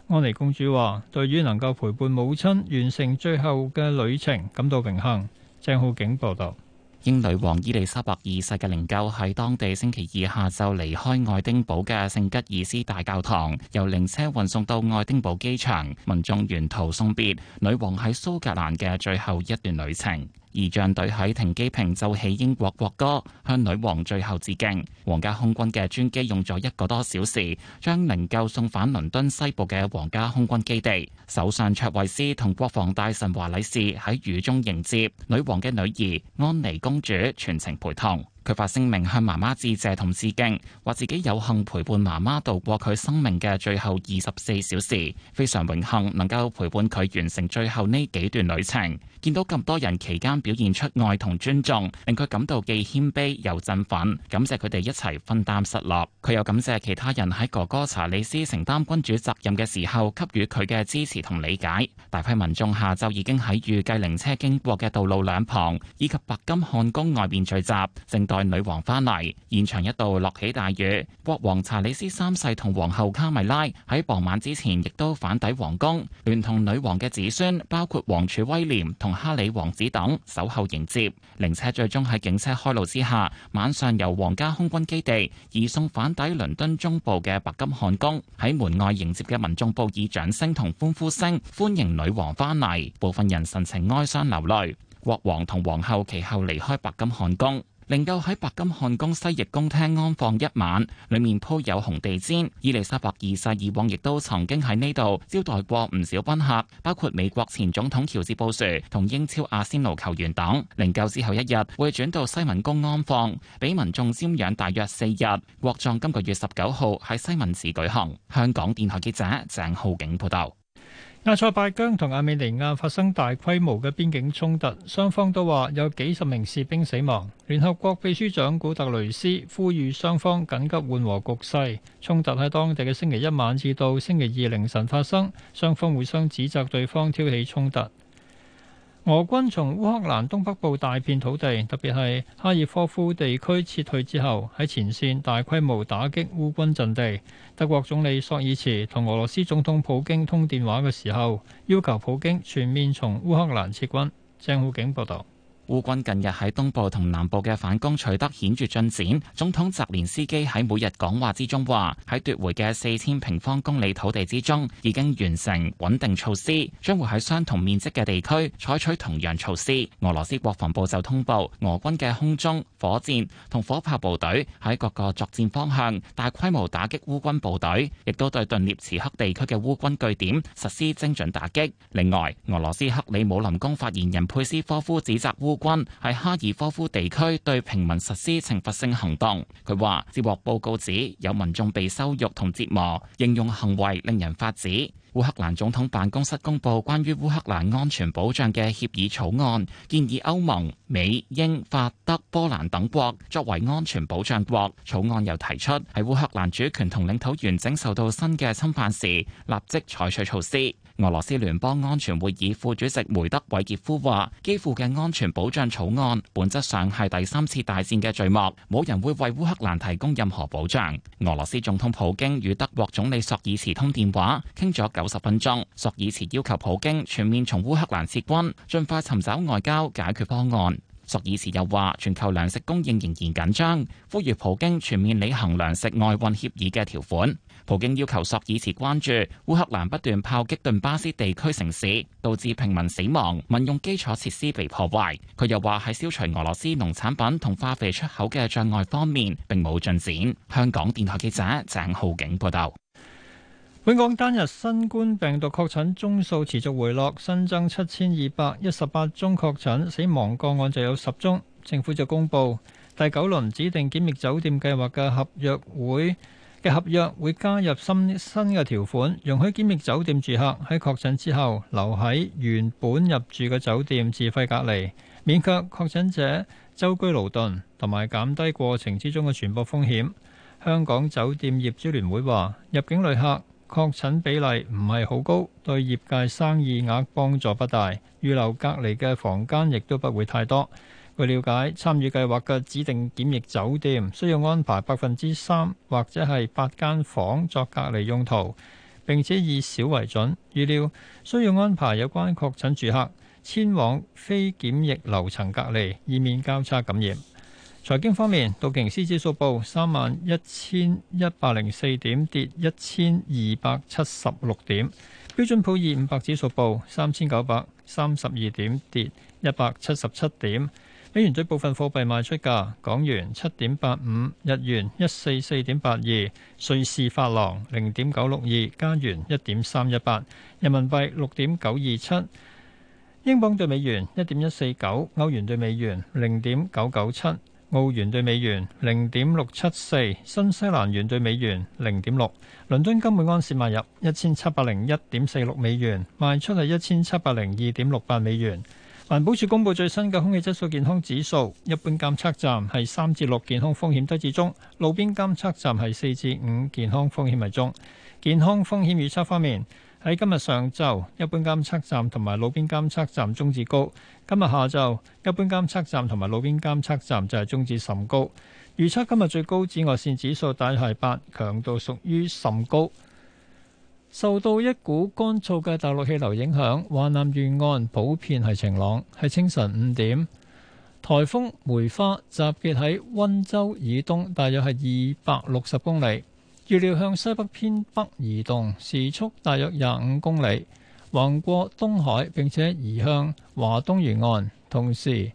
安妮公主，話對於能夠陪伴母親完成最後嘅旅程感到榮幸。張浩景報道，英女王伊利沙伯二世嘅靈柩喺當地星期二下晝離開愛丁堡嘅聖吉爾斯大教堂，由靈車運送到愛丁堡機場，民眾沿途送別女王喺蘇格蘭嘅最後一段旅程。儀仗隊喺停機坪奏起英國國歌，向女王最後致敬。皇家空軍嘅專機用咗一個多小時，將靈柩送返倫敦西部嘅皇家空軍基地。首相卓衛斯同國防大臣華禮士喺雨中迎接女王嘅女兒安妮公主，全程陪同。佢發聲明向媽媽致謝同致敬，話自己有幸陪伴媽媽度過佢生命嘅最後二十四小時，非常榮幸能夠陪伴佢完成最後呢幾段旅程。見到咁多人期間表現出愛同尊重，令佢感到既謙卑又振奮，感謝佢哋一齊分擔失落。佢又感謝其他人喺哥哥查理斯承擔君主責任嘅時候給予佢嘅支持同理解。大批民眾下晝已經喺預計靈車經過嘅道路兩旁以及白金漢宮外面聚集，成在女王翻嚟，現場，一度落起大雨。國王查理斯三世同皇后卡米拉喺傍晚之前亦都返抵皇宮，聯同女王嘅子孫，包括王儲威廉同哈里王子等守候迎接。靈車最終喺警車開路之下，晚上由皇家空軍基地移送返抵倫敦中部嘅白金漢宮，喺門外迎接嘅民眾報以掌聲同歡呼聲。歡迎女王翻嚟，部分人神情哀傷流淚，國王同皇后其後離開白金漢宮。靈柩喺白金漢宮西翼宮廳安放一晚，裏面鋪有紅地毯。伊利莎白二世以往亦都曾經喺呢度招待過唔少賓客，包括美國前總統喬治布殊同英超阿仙奴球員等。靈柩之後一日會轉到西敏宮安放，俾民眾瞻仰大約四日。國葬今個月十九號喺西敏寺舉行。香港電台記者鄭浩景報道。阿塞拜疆同阿美尼亞發生大規模嘅邊境衝突，雙方都話有幾十名士兵死亡。聯合國秘書長古特雷斯呼籲雙方緊急緩和局勢。衝突喺當地嘅星期一晚至到星期二凌晨發生，雙方互相指責對方挑起衝突。俄軍從烏克蘭東北部大片土地，特別係哈爾科夫地區撤退之後，喺前線大規模打擊烏軍陣地。德國總理索爾茨同俄羅斯總統普京通電話嘅時候，要求普京全面從烏克蘭撤軍。鄭浩景報道。烏軍近日喺東部同南部嘅反攻取得顯著進展。總統澤連斯基喺每日講話之中話，喺奪回嘅四千平方公里土地之中，已經完成穩定措施，將會喺相同面積嘅地區採取同樣措施。俄羅斯國防部就通報，俄軍嘅空中、火箭同火炮部隊喺各個作戰方向大規模打擊烏軍部隊，亦都對頓涅茨克地區嘅烏軍據點實施精準打擊。另外，俄羅斯克里姆林宮發言人佩斯科夫指責烏軍喺哈爾科夫地區對平民實施懲罰性行動。佢話接獲報告指有民眾被羞辱同折磨，形容行為令人發指。烏克蘭總統辦公室公布關於烏克蘭安全保障嘅協議草案，建議歐盟、美、英、法、德、波蘭等國作為安全保障國。草案又提出，喺烏克蘭主權同領土完整受到新嘅侵犯時，立即採取措施。俄羅斯聯邦安全會議副主席梅德韋傑夫話，幾乎嘅安全保障草案本質上係第三次大戰嘅序幕，冇人會為烏克蘭提供任何保障。俄羅斯總統普京與德國總理索爾茨通電話，傾咗。五十分鐘，索爾茨要求普京全面從烏克蘭撤軍，盡快尋找外交解決方案。索爾茨又話，全球糧食供應仍然緊張，呼籲普京全面履行糧食外運協議嘅條款。普京要求索爾茨關注烏克蘭不斷炮擊頓巴斯地區城市，導致平民死亡、民用基礎設施被破壞。佢又話，喺消除俄羅斯農產品同化肥出口嘅障礙方面，並冇進展。香港電台記者鄭浩景報道。本港單日新冠病毒確診宗數持續回落，新增七千二百一十八宗確診，死亡個案就有十宗。政府就公布第九輪指定檢疫酒店計劃嘅合約會嘅合約會加入新新嘅條款，容許檢疫酒店住客喺確診之後留喺原本入住嘅酒店自費隔離，免卻確診者舟車勞頓同埋減低過程之中嘅傳播風險。香港酒店業主聯會話入境旅客，確診比例唔係好高，對業界生意額幫助不大。預留隔離嘅房間亦都不會太多。據了解，參與計劃嘅指定檢疫酒店需要安排百分之三或者係八間房間作隔離用途，並且以少為準。預料需要安排有關確診住客遷往非檢疫樓層隔離，以免交叉感染。財經方面，道瓊斯指數報三萬一千一百零四點，跌一千二百七十六點。標準普爾五百指數報三千九百三十二點，跌一百七十七點。美元對部分貨幣賣出價：港元七點八五，日元一四四點八二，瑞士法郎零點九六二，加元一點三一八，人民幣六點九二七，英鎊對美元一點一四九，歐元對美元零點九九七。澳元兌美元零點六七四，新西蘭元兌美元零點六，倫敦金每安士賣入一千七百零一點四六美元，賣出係一千七百零二點六八美元。環保署公布最新嘅空氣質素健康指數，一般監測站係三至六健康風險低至中，路邊監測站係四至五健康風險為中。健康風險預測方面。喺今日上晝，一般監測站同埋路邊監測站中至高。今日下晝，一般監測站同埋路邊監測站就係中至甚高。預測今日最高紫外線指數大概係八，強度屬於甚高。受到一股乾燥嘅大陸氣流影響，華南沿岸普遍係晴朗。喺清晨五點，颱風梅花集結喺溫州以東，大約係二百六十公里。預料向西北偏北移動，時速大約廿五公里，橫過東海，並且移向華東沿岸。同時，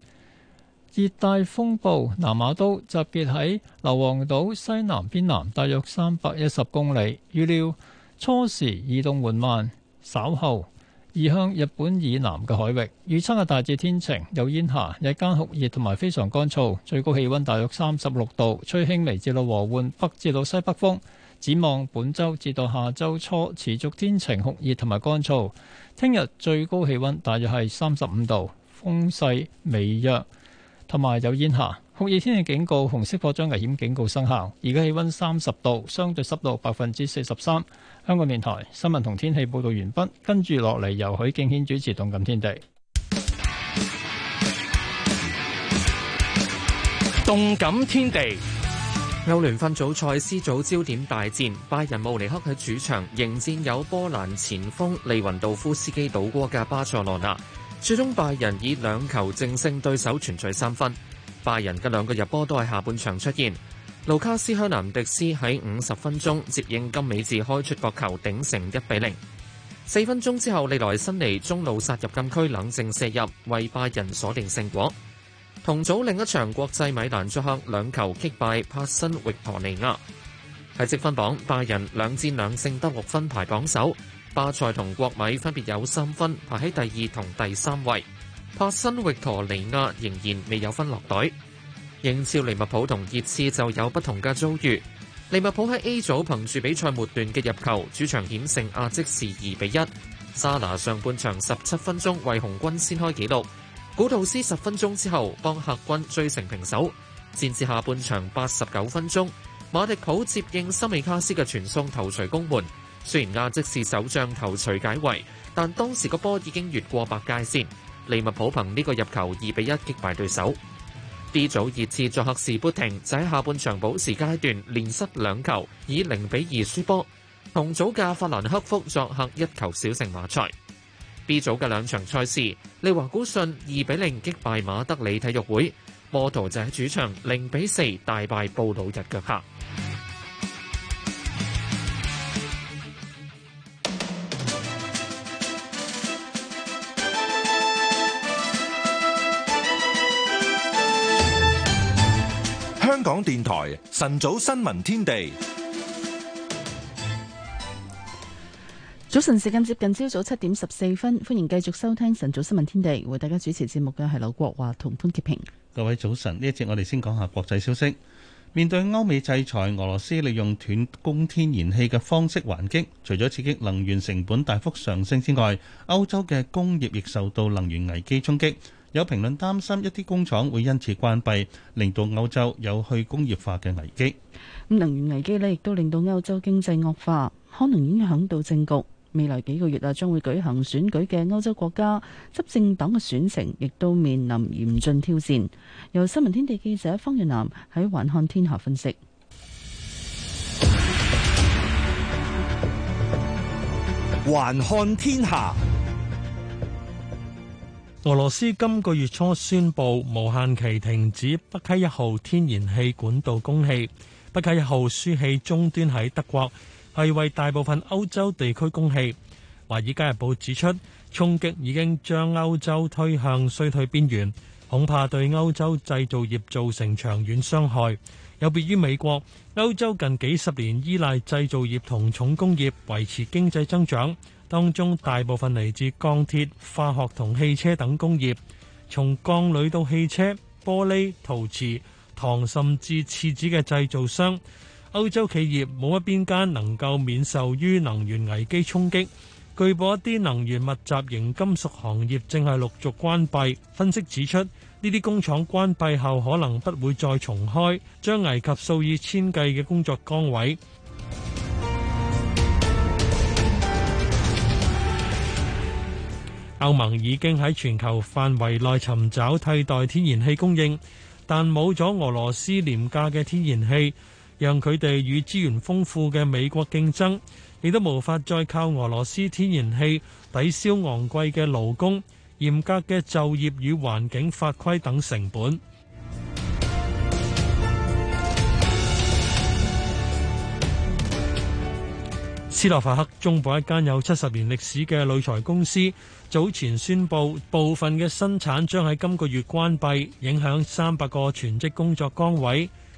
熱帶風暴南馬都集結喺硫磺島西南偏南大約三百一十公里。預料初時移動緩慢，稍後移向日本以南嘅海域。預測係大致天晴，有煙霞，日間酷熱同埋非常乾燥，最高氣溫大約三十六度，吹輕微至到和緩北至到西北風。展望本周至到下周初，持續天晴酷熱同埋乾燥。聽日最高氣溫大約係三十五度，風勢微弱，同埋有煙霞。酷熱天氣警告、紅色火災危險警告生效。而家氣溫三十度，相對濕度百分之四十三。香港電台新聞同天氣報道完畢，跟住落嚟由許敬軒主持《動感天地》。動感天地。歐聯分組賽 C 組焦點大戰，拜仁慕尼黑喺主場迎戰有波蘭前鋒利雲道夫斯基倒戈嘅巴塞羅那，最終拜仁以兩球淨勝對手，全取三分。拜仁嘅兩個入波都係下半場出現，盧卡斯香南迪斯喺五十分鐘接應金美治開出角球頂成一比零，四分鐘之後利萊辛尼中路殺入禁區冷靜射入，為拜仁鎖定勝果。同組另一場國際米蘭作客兩球擊敗帕辛域陀尼亞。喺積分榜，拜仁兩戰兩勝得六分排榜首，巴塞同國米分別有三分排喺第二同第三位。帕辛域陀尼亞仍然未有分落袋。英超利物浦同熱刺就有不同嘅遭遇。利物浦喺 A 組憑住比賽末段嘅入球，主場險勝亞積士二比一。沙拿上半場十七分鐘為紅軍先開紀錄。古道斯十分鐘之後幫客軍追成平手，戰至下半場八十九分鐘，馬迪普接應森美卡斯嘅傳送頭槌攻門，雖然阿積士守將頭槌解圍，但當時個波已經越過白界線，利物浦憑呢個入球二比一擊敗對手。D 組熱刺作客士砵亭，就喺下半場補時階段連失兩球，以零比二輸波。同組嘅法蘭克福作客一球小勝馬賽。B 組嘅兩場賽事，利華古遜二比零擊敗馬德里體育會，波圖就喺主場零比四大敗布魯日腳下。香港電台晨早新聞天地。早晨，時間接近朝早七點十四分，歡迎繼續收聽晨早新聞天地。為大家主持節目嘅係劉國華同潘潔平。各位早晨，呢一節我哋先講下國際消息。面對歐美制裁，俄羅斯利用斷供天然氣嘅方式還擊，除咗刺激能源成本大幅上升之外，歐洲嘅工業亦受到能源危機衝擊。有評論擔心一啲工廠會因此關閉，令到歐洲有去工業化嘅危機。咁能源危機呢，亦都令到歐洲經濟惡化，可能影響到政局。未來幾個月啊，將會舉行選舉嘅歐洲國家執政黨嘅選情，亦都面臨嚴峻挑戰。由新聞天地記者方月南喺《環看天下》分析。環看天下，俄羅斯今個月初宣布無限期停止北溪一號天然氣管道供氣。北溪一號輸氣終端喺德國。係為大部分歐洲地區供氣。《華爾街日報》指出，衝擊已經將歐洲推向衰退邊緣，恐怕對歐洲製造業造成長遠傷害。有別於美國，歐洲近幾十年依賴製造業同重工業維持經濟增長，當中大部分嚟自鋼鐵、化學同汽車等工業，從鋼鋁到汽車、玻璃、陶瓷、糖甚至廁紙嘅製造商。歐洲企業冇一邊間能夠免受於能源危機衝擊。據報，一啲能源密集型金屬行業正係陸續關閉。分析指出，呢啲工廠關閉後可能不會再重開，將危及數以千計嘅工作崗位。歐盟已經喺全球範圍內尋找替代，替代天然氣供應，但冇咗俄羅斯廉價嘅天然氣。讓佢哋與資源豐富嘅美國競爭，亦都無法再靠俄羅斯天然氣抵消昂貴嘅勞工、嚴格嘅就業與環境法規等成本。 (noise) 斯洛伐克中部一間有七十年歷史嘅鋁材公司早前宣布，部分嘅生產將喺今個月關閉，影響三百個全職工作崗位。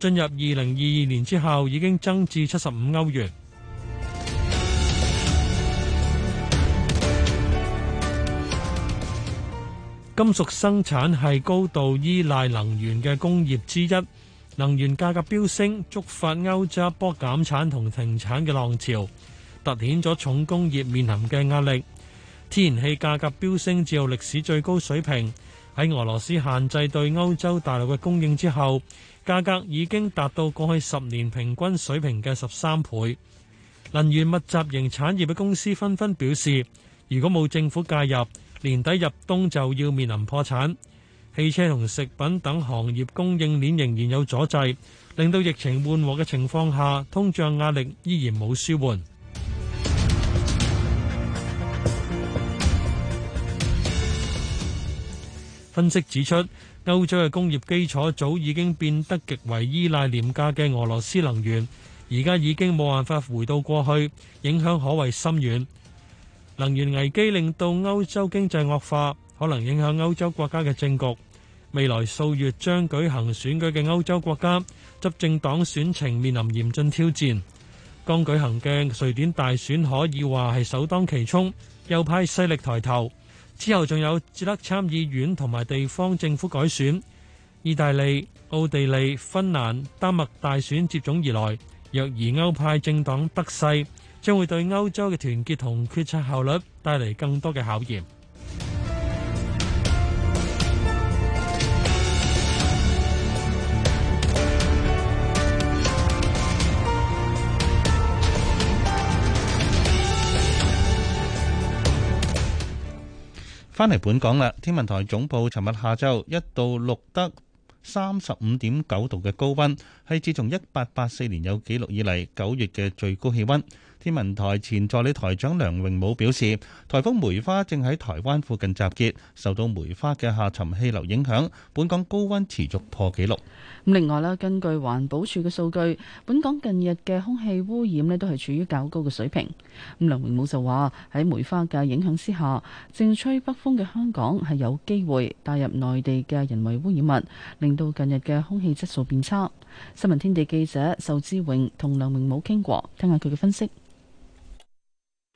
進入二零二二年之後，已經增至七十五歐元。金屬生產係高度依賴能源嘅工業之一，能源價格飆升觸發歐洲一波減產同停產嘅浪潮，突顯咗重工業面臨嘅壓力。天然氣價格飆升至有歷史最高水平，喺俄羅斯限制對歐洲大陸嘅供應之後。價格已經達到過去十年平均水平嘅十三倍。能源密集型產業嘅公司紛紛表示，如果冇政府介入，年底入冬就要面臨破產。汽車同食品等行業供應鏈仍然有阻滯，令到疫情緩和嘅情況下，通脹壓力依然冇舒緩。分析指出，歐洲嘅工業基礎早已經變得極為依賴廉價嘅俄羅斯能源，而家已經冇辦法回到過去，影響可謂深遠。能源危機令到歐洲經濟惡化，可能影響歐洲國家嘅政局。未來數月將舉行選舉嘅歐洲國家，執政黨選情面臨嚴峻挑戰。剛舉行嘅瑞典大選可以話係首當其衝，右派勢力抬頭。之後仲有捷克參議院同埋地方政府改選，意大利、奧地利、芬蘭、丹麥大選接踵而來，若而歐派政黨得勢，將會對歐洲嘅團結同決策效率帶嚟更多嘅考驗。翻嚟本港啦！天文台總部尋日下晝一度錄得三十五點九度嘅高溫，係自從一八八四年有記錄以嚟九月嘅最高氣溫。天文台前助理台長梁榮武表示，颱風梅花正喺台灣附近集結，受到梅花嘅下沉氣流影響，本港高溫持續破紀錄。咁另外啦，根據環保署嘅數據，本港近日嘅空氣污染咧都係處於較高嘅水平。咁梁榮武就話：喺梅花嘅影響之下，正吹北風嘅香港係有機會帶入內地嘅人為污染物，令到近日嘅空氣質素變差。新聞天地記者仇之榮同梁榮武傾過，聽下佢嘅分析。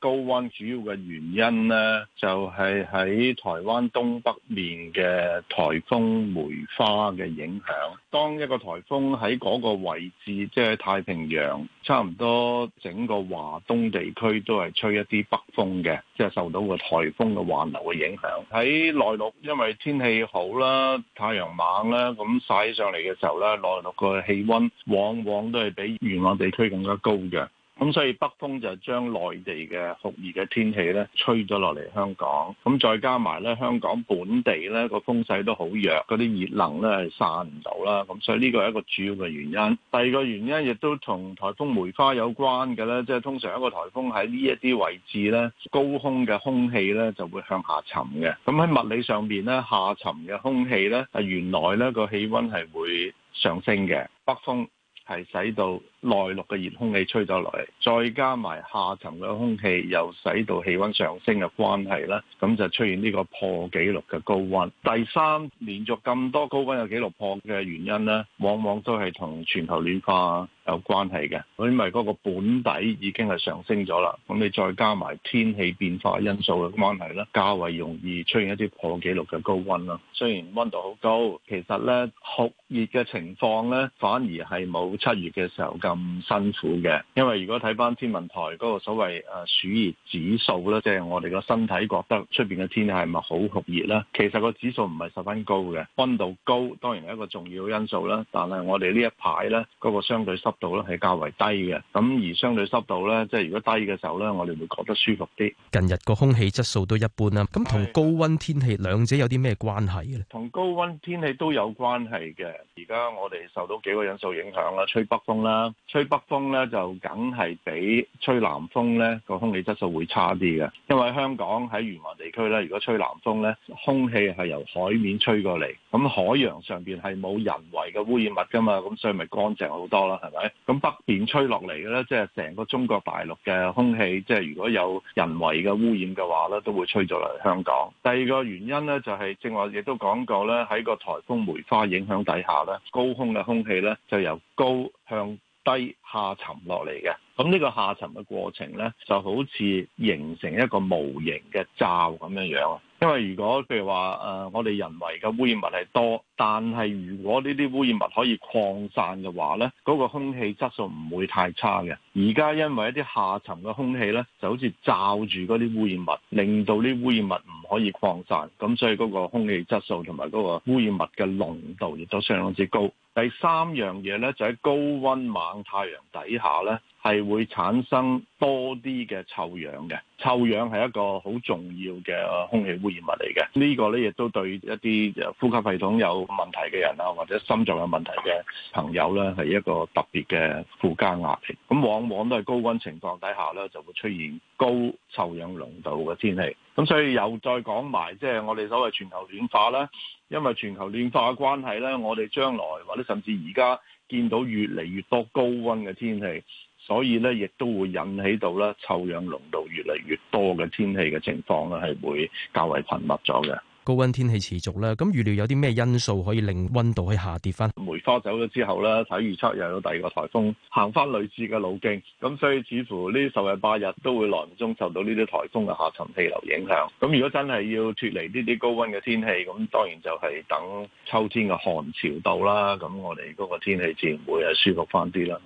高温主要嘅原因咧，就係喺台灣東北面嘅颱風梅花嘅影響。當一個颱風喺嗰個位置，即係太平洋，差唔多整個華東地區都係吹一啲北風嘅，即係受到個颱風嘅環流嘅影響。喺內陸，因為天氣好啦，太陽猛啦，咁曬上嚟嘅時候咧，內陸個氣温往往都係比沿岸地區更加高嘅。咁所以北風就將內地嘅酷熱嘅天氣咧吹咗落嚟香港，咁再加埋咧香港本地咧個風勢都好弱，嗰啲熱能咧係散唔到啦，咁所以呢個係一個主要嘅原因。第二個原因亦都同颱風梅花有關嘅咧，即係通常一個颱風喺呢一啲位置咧，高空嘅空氣咧就會向下沉嘅。咁喺物理上邊咧，下沉嘅空氣咧係原來咧個氣温係會上升嘅。北風係使到，內陸嘅熱空氣吹咗落嚟，再加埋下層嘅空氣又使到氣温上升嘅關係啦，咁就出現呢個破紀錄嘅高温。第三，連續咁多高温嘅紀錄破嘅原因咧，往往都係同全球暖化有關係嘅，因為嗰個本底已經係上升咗啦，咁你再加埋天氣變化因素嘅關係咧，較為容易出現一啲破紀錄嘅高温啦。雖然温度好高，其實咧酷熱嘅情況咧，反而係冇七月嘅時候咁咁辛苦嘅，因為如果睇翻天文台嗰個所謂誒暑熱指數咧，即係我哋個身體覺得出邊嘅天氣係咪好酷熱啦，其實個指數唔係十分高嘅，温度高當然係一個重要因素啦，但係我哋呢一排咧，嗰個相對濕度咧係較為低嘅，咁而相對濕度咧，即係如果低嘅時候咧，我哋會覺得舒服啲。近日個空氣質素都一般啦，咁同高温天氣兩者有啲咩關係咧？同高温天氣都有關係嘅，而家我哋受到幾個因素影響啦，吹北風啦。吹北風咧，就梗係比吹南風咧個空氣質素會差啲嘅，因為香港喺沿海地區咧，如果吹南風咧，空氣係由海面吹過嚟，咁海洋上邊係冇人為嘅污染物噶嘛，咁所以咪乾淨好多啦，係咪？咁北邊吹落嚟嘅咧，即係成個中國大陸嘅空氣，即係如果有人為嘅污染嘅話咧，都會吹咗嚟香港。第二個原因咧，就係正話亦都講過咧，喺個颱風梅花影響底下咧，高空嘅空氣咧就由高向低下沉落嚟嘅。咁呢個下沉嘅過程呢，就好似形成一個無形嘅罩咁樣樣。因為如果譬如話誒、呃，我哋人為嘅污染物係多，但係如果呢啲污染物可以擴散嘅話呢嗰、嗰個空氣質素唔會太差嘅。而家因為一啲下沉嘅空氣呢，就好似罩住嗰啲污染物，令到啲污染物唔可以擴散，咁所以嗰個空氣質素同埋嗰個污染物嘅濃度亦都相當之高。第三樣嘢呢，就喺高溫猛太陽底下呢。係會產生多啲嘅臭氧嘅，臭氧係一個好重要嘅空氣污染物嚟嘅。呢個呢，亦都對一啲呼吸系統有問題嘅人啦，或者心臟有問題嘅朋友呢，係一個特別嘅附加壓力。咁往往都係高溫情況底下呢，就會出現高臭氧濃度嘅天氣。咁所以又再講埋，即係我哋所謂全球暖化啦。因為全球暖化嘅關係呢，我哋將來或者甚至而家見到越嚟越多高溫嘅天氣。所以咧，亦都會引起到咧臭氧濃度越嚟越多嘅天氣嘅情況咧，係會較為頻密咗嘅。高溫天氣持續啦，咁預料有啲咩因素可以令溫度喺下跌翻？梅花走咗之後咧，睇預測又有第二個颱風行翻類似嘅路徑，咁所以似乎呢十日八日都會囊中受到呢啲颱風嘅下沉氣流影響。咁如果真係要脫離呢啲高溫嘅天氣，咁當然就係等秋天嘅寒潮到啦。咁我哋嗰個天氣自然會係舒服翻啲啦。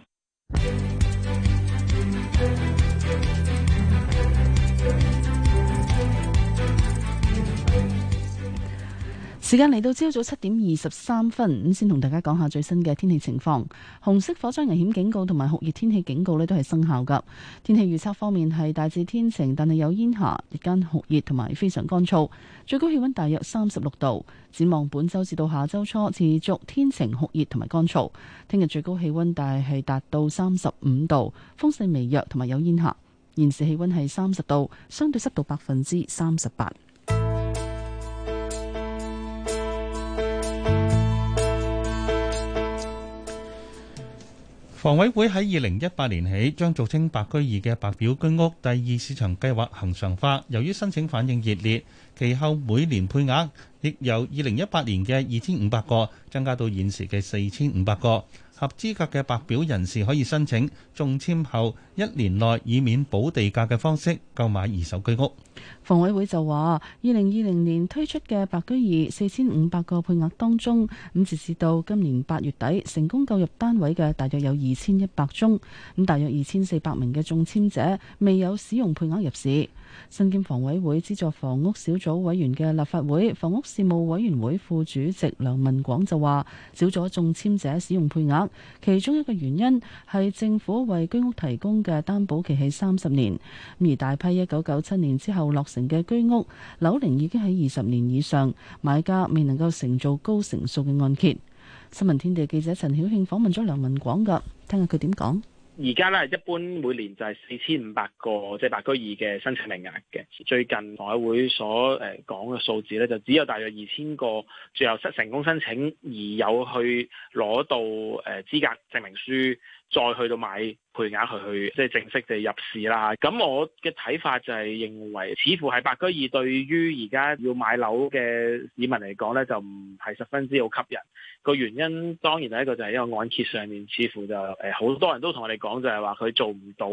時間嚟到朝早七點二十三分，咁先同大家講下最新嘅天氣情況。紅色火災危險警告同埋酷熱天氣警告咧都係生效噶。天氣預測方面係大致天晴，但係有煙霞，日間酷熱同埋非常乾燥，最高氣溫大約三十六度。展望本周至到下周初持續天晴酷熱同埋乾燥。聽日最高氣溫大係達到三十五度，風勢微弱同埋有煙霞。現時氣溫係三十度，相對濕度百分之三十八。房委會喺二零一八年起，將俗稱白居二嘅白表居屋第二市場計劃恆常化。由於申請反應熱烈，其後每年配額亦由二零一八年嘅二千五百個增加到現時嘅四千五百個。合資格嘅白表人士可以申請，中簽後一年內以免補地價嘅方式購買二手居屋。房委會就話，二零二零年推出嘅白居二四千五百個配額當中，咁截至到今年八月底，成功購入單位嘅大約有二千一百宗，咁大約二千四百名嘅中籤者未有使用配額入市。身兼房委會資助房屋小組委員嘅立法會房屋事務委員會副主席梁文廣就話，少咗中籤者使用配額，其中一個原因係政府為居屋提供嘅擔保期係三十年，而大批一九九七年之後，落成嘅居屋，樓齡已經喺二十年以上，買家未能夠承造高成數嘅按揭。新聞天地記者陳曉慶訪問咗梁文廣噶，聽下佢點講。而家咧，一般每年就係四千五百個即係白居二嘅申請名額嘅。最近房委會所誒講嘅數字咧，就只有大約二千個最後成成功申請而有去攞到誒資格證明書，再去到買。配額去去即係正式地入市啦。咁我嘅睇法就係認為似乎係白居二對於而家要買樓嘅市民嚟講咧，就唔係十分之好吸引。個原因，當然第一個就係一個按揭上面，似乎就誒好、呃、多人都同我哋講，就係話佢做唔到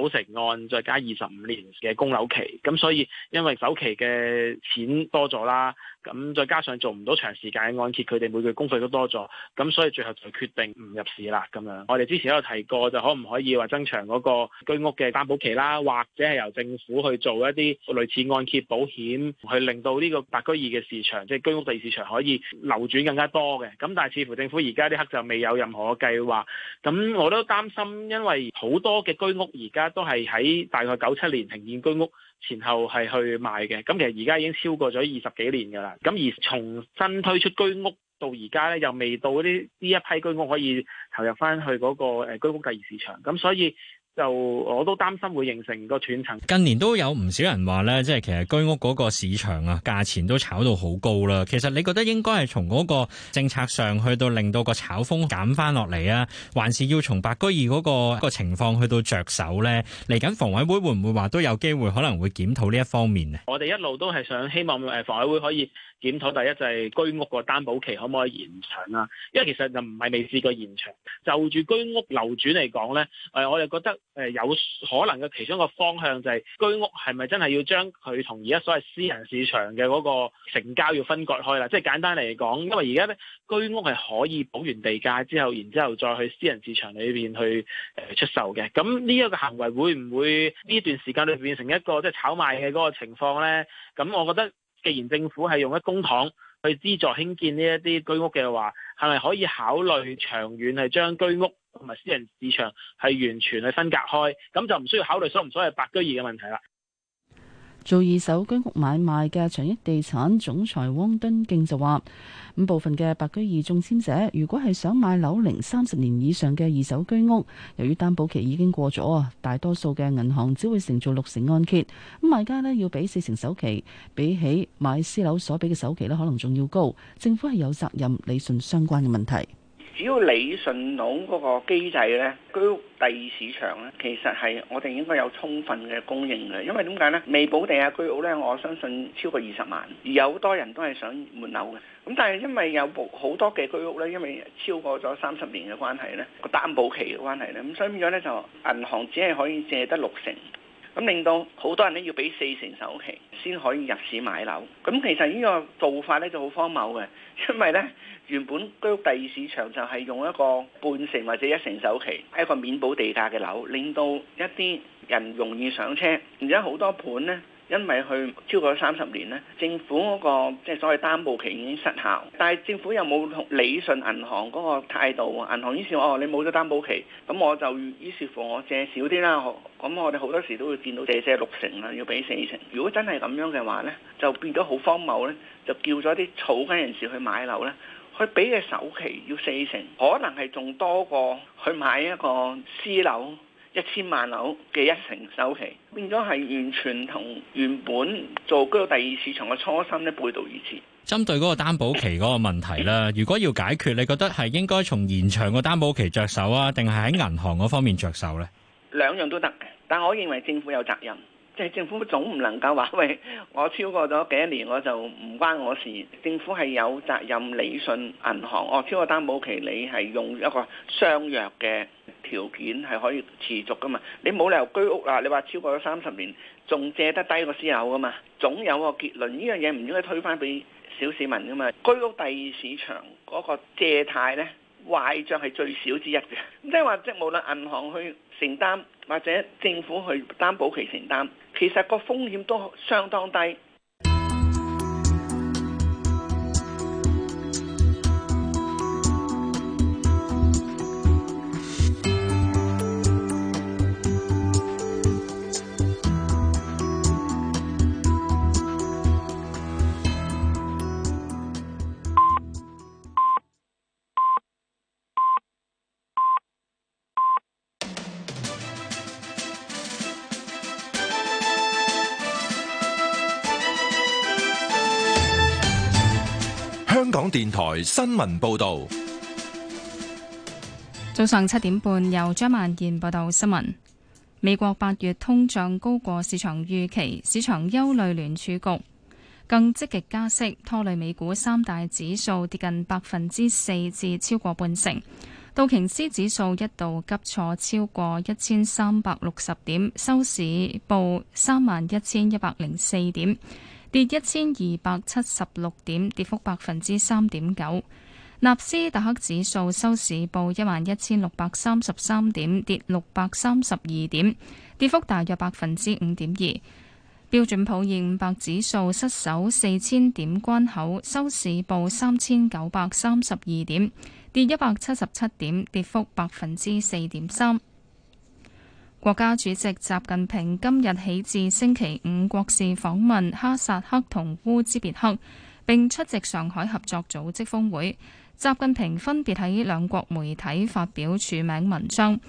九成按，再加二十五年嘅供樓期。咁所以，因為首期嘅錢多咗啦，咁再加上做唔到長時間嘅按揭，佢哋每個月工費都多咗，咁所以最後就決定唔入市啦咁樣。我哋之前都有提過，就可唔可以可以話增長嗰個居屋嘅擔保期啦，或者係由政府去做一啲類似按揭保險，去令到呢個白居二嘅市場，即係居屋第二市場可以流轉更加多嘅。咁但係似乎政府而家呢刻就未有任何嘅計劃。咁我都擔心，因為好多嘅居屋而家都係喺大概九七年停建居屋前後係去賣嘅。咁其實而家已經超過咗二十幾年㗎啦。咁而重新推出居屋。到而家咧，又未到啲呢一批居屋可以投入翻去嗰個誒居屋第二市場，咁所以就我都擔心會形成個斷層。近年都有唔少人話咧，即係其實居屋嗰個市場啊，價錢都炒到好高啦。其實你覺得應該係從嗰個政策上去到令到個炒風減翻落嚟啊，還是要從白居二嗰個個情況去到着手咧？嚟緊房委會會唔會話都有機會可能會檢討呢一方面咧？我哋一路都係想希望誒房委會可以。檢討第一就係、是、居屋個擔保期可唔可以延長啦、啊？因為其實就唔係未試過延長，就住居屋流轉嚟講咧，誒我又覺得誒有可能嘅其中一個方向就係居屋係咪真係要將佢同而家所謂私人市場嘅嗰個成交要分割開啦？即係簡單嚟講，因為而家咧居屋係可以補完地價之後，然之後再去私人市場裏邊去誒出售嘅。咁呢一個行為會唔會呢段時間裏變成一個即係炒賣嘅嗰個情況咧？咁我覺得。既然政府係用一公帑去資助興建呢一啲居屋嘅話，係咪可以考慮長遠係將居屋同埋私人市場係完全去分隔開，咁就唔需要考慮所唔所謂白居二嘅問題啦。做二手居屋買賣嘅長益地產總裁汪敦敬就話：咁部分嘅白居二中簽者，如果係想買樓齡三十年以上嘅二手居屋，由於擔保期已經過咗啊，大多數嘅銀行只會承做六成按揭，咁買家呢要俾四成首期，比起買私樓所俾嘅首期呢可能仲要高。政府係有責任理順相關嘅問題。只要理順到嗰個機制呢，居屋第二市場呢，其實係我哋應該有充分嘅供應嘅。因為點解呢？未補地嘅、啊、居屋呢，我相信超過二十萬，而有好多人都係想換樓嘅。咁但係因為有好多嘅居屋呢，因為超過咗三十年嘅關係呢，個擔保期嘅關係呢，咁所以變咗呢，就銀行只係可以借得六成，咁令到好多人呢要俾四成首期先可以入市買樓。咁其實呢個做法呢就好荒謬嘅，因為呢。原本居屋第二市場就係用一個半成或者一成首期，係一個免保地價嘅樓，令到一啲人容易上車。而家好多盤呢，因為去超過三十年咧，政府嗰個即係所謂擔保期已經失效，但係政府又冇同理順銀行嗰個態度。銀行於是話：哦，你冇咗擔保期，咁我就於是乎我借少啲啦。咁我哋好多時都會見到借借六成啦，要俾四成。如果真係咁樣嘅話呢，就變咗好荒謬呢，就叫咗啲草根人士去買樓呢。佢俾嘅首期要四成，可能係仲多過去買一個私樓一千萬樓嘅一成首期，變咗係完全同原本做居屋第二市場嘅初心呢，背道而馳。針對嗰個擔保期嗰個問題咧，如果要解決，你覺得係應該從延長個擔保期着手啊，定係喺銀行嗰方面着手呢？兩樣都得，但我認為政府有責任。即係政府總唔能夠話喂，我超過咗幾多年我就唔關我事。政府係有責任理順銀行，我、哦、超過擔保期你係用一個相約嘅條件係可以持續噶嘛？你冇理由居屋啊！你話超過咗三十年仲借得低個私樓噶嘛？總有個結論，呢樣嘢唔應該推翻俾小市民噶嘛？居屋第二市場嗰個借貸呢，壞帳係最少之一嘅，即係話即係無論銀行去承擔或者政府去擔保期承擔。其實個風險都相當低。電台新聞報道：早上七點半，由張萬燕報道新聞。美國八月通脹高過市場預期，市場憂慮聯儲局更積極加息，拖累美股三大指數跌近百分之四至超過半成。道瓊斯指數一度急挫超過一千三百六十點，收市報三萬一千一百零四點。1> 跌一千二百七十六點，跌幅百分之三點九。納斯達克指數收市報一萬一千六百三十三點，跌六百三十二點，跌幅大約百分之五點二。標準普爾五百指數失守四千點關口，收市報三千九百三十二點，跌一百七十七點，跌幅百分之四點三。國家主席習近平今日起至星期五國事訪問哈薩克同烏茲別克，並出席上海合作組織峰會。習近平分別喺兩國媒體發表署名文章。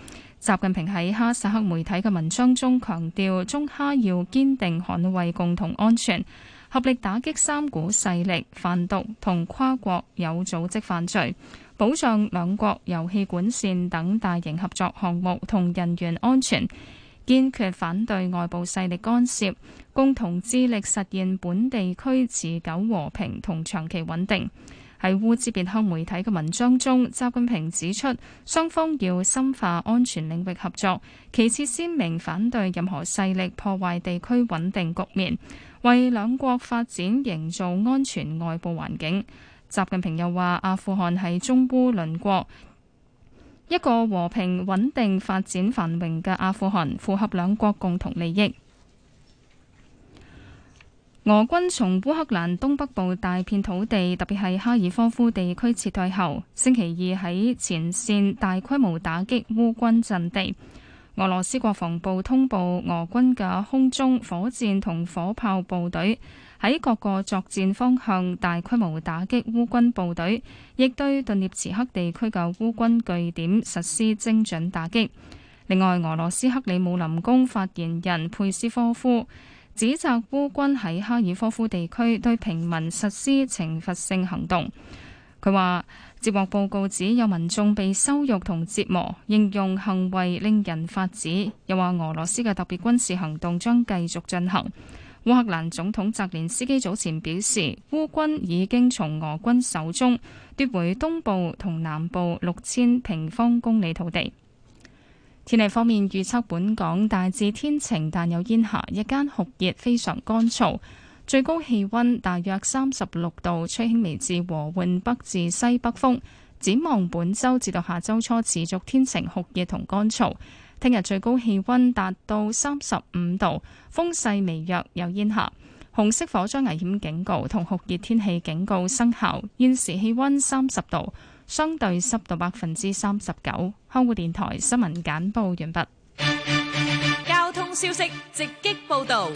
習近平喺哈薩克媒體嘅文章中強調，中哈要堅定捍衛共同安全，合力打擊三股勢力、販毒同跨國有組織犯罪。保障兩國油氣管線等大型合作項目同人員安全，堅決反對外部勢力干涉，共同致力實現本地區持久和平同長期穩定。喺烏茲別克媒體嘅文章中，習近平指出，雙方要深化安全領域合作，其次鮮明反對任何勢力破壞地區穩定局面，為兩國發展營造安全外部環境。習近平又話：阿富汗係中烏鄰國，一個和平、穩定、發展、繁榮嘅阿富汗，符合兩國共同利益。俄軍從烏克蘭東北部大片土地，特別係哈爾科夫地區撤退後，星期二喺前線大規模打擊烏軍陣地。俄羅斯國防部通報，俄軍嘅空中、火箭同火炮部隊。喺各個作戰方向大規模打擊烏軍部隊，亦對頓涅茨克地區嘅烏軍據點實施精準打擊。另外，俄羅斯克里姆林宮發言人佩斯科夫指責烏軍喺哈爾科夫地區對平民實施懲罰性行動。佢話：接獲報告指有民眾被羞辱同折磨，應用行為令人髮指。又話俄羅斯嘅特別軍事行動將繼續進行。烏克蘭總統澤連斯基早前表示，烏軍已經從俄軍手中奪回東部同南部六千平方公里土地。天氣方面預測，本港大致天晴但有煙霞，日間酷熱非常乾燥，最高氣溫大約三十六度，吹輕微至和緩北至西北風。展望本周至到下周初持續天晴酷熱同乾燥。聽日最高氣溫達到三十五度，風勢微弱，有煙霞。紅色火災危險警告同酷熱天氣警告生效。現時氣溫三十度，相對濕度百分之三十九。香港電台新聞簡報完畢。交通消息直擊報道。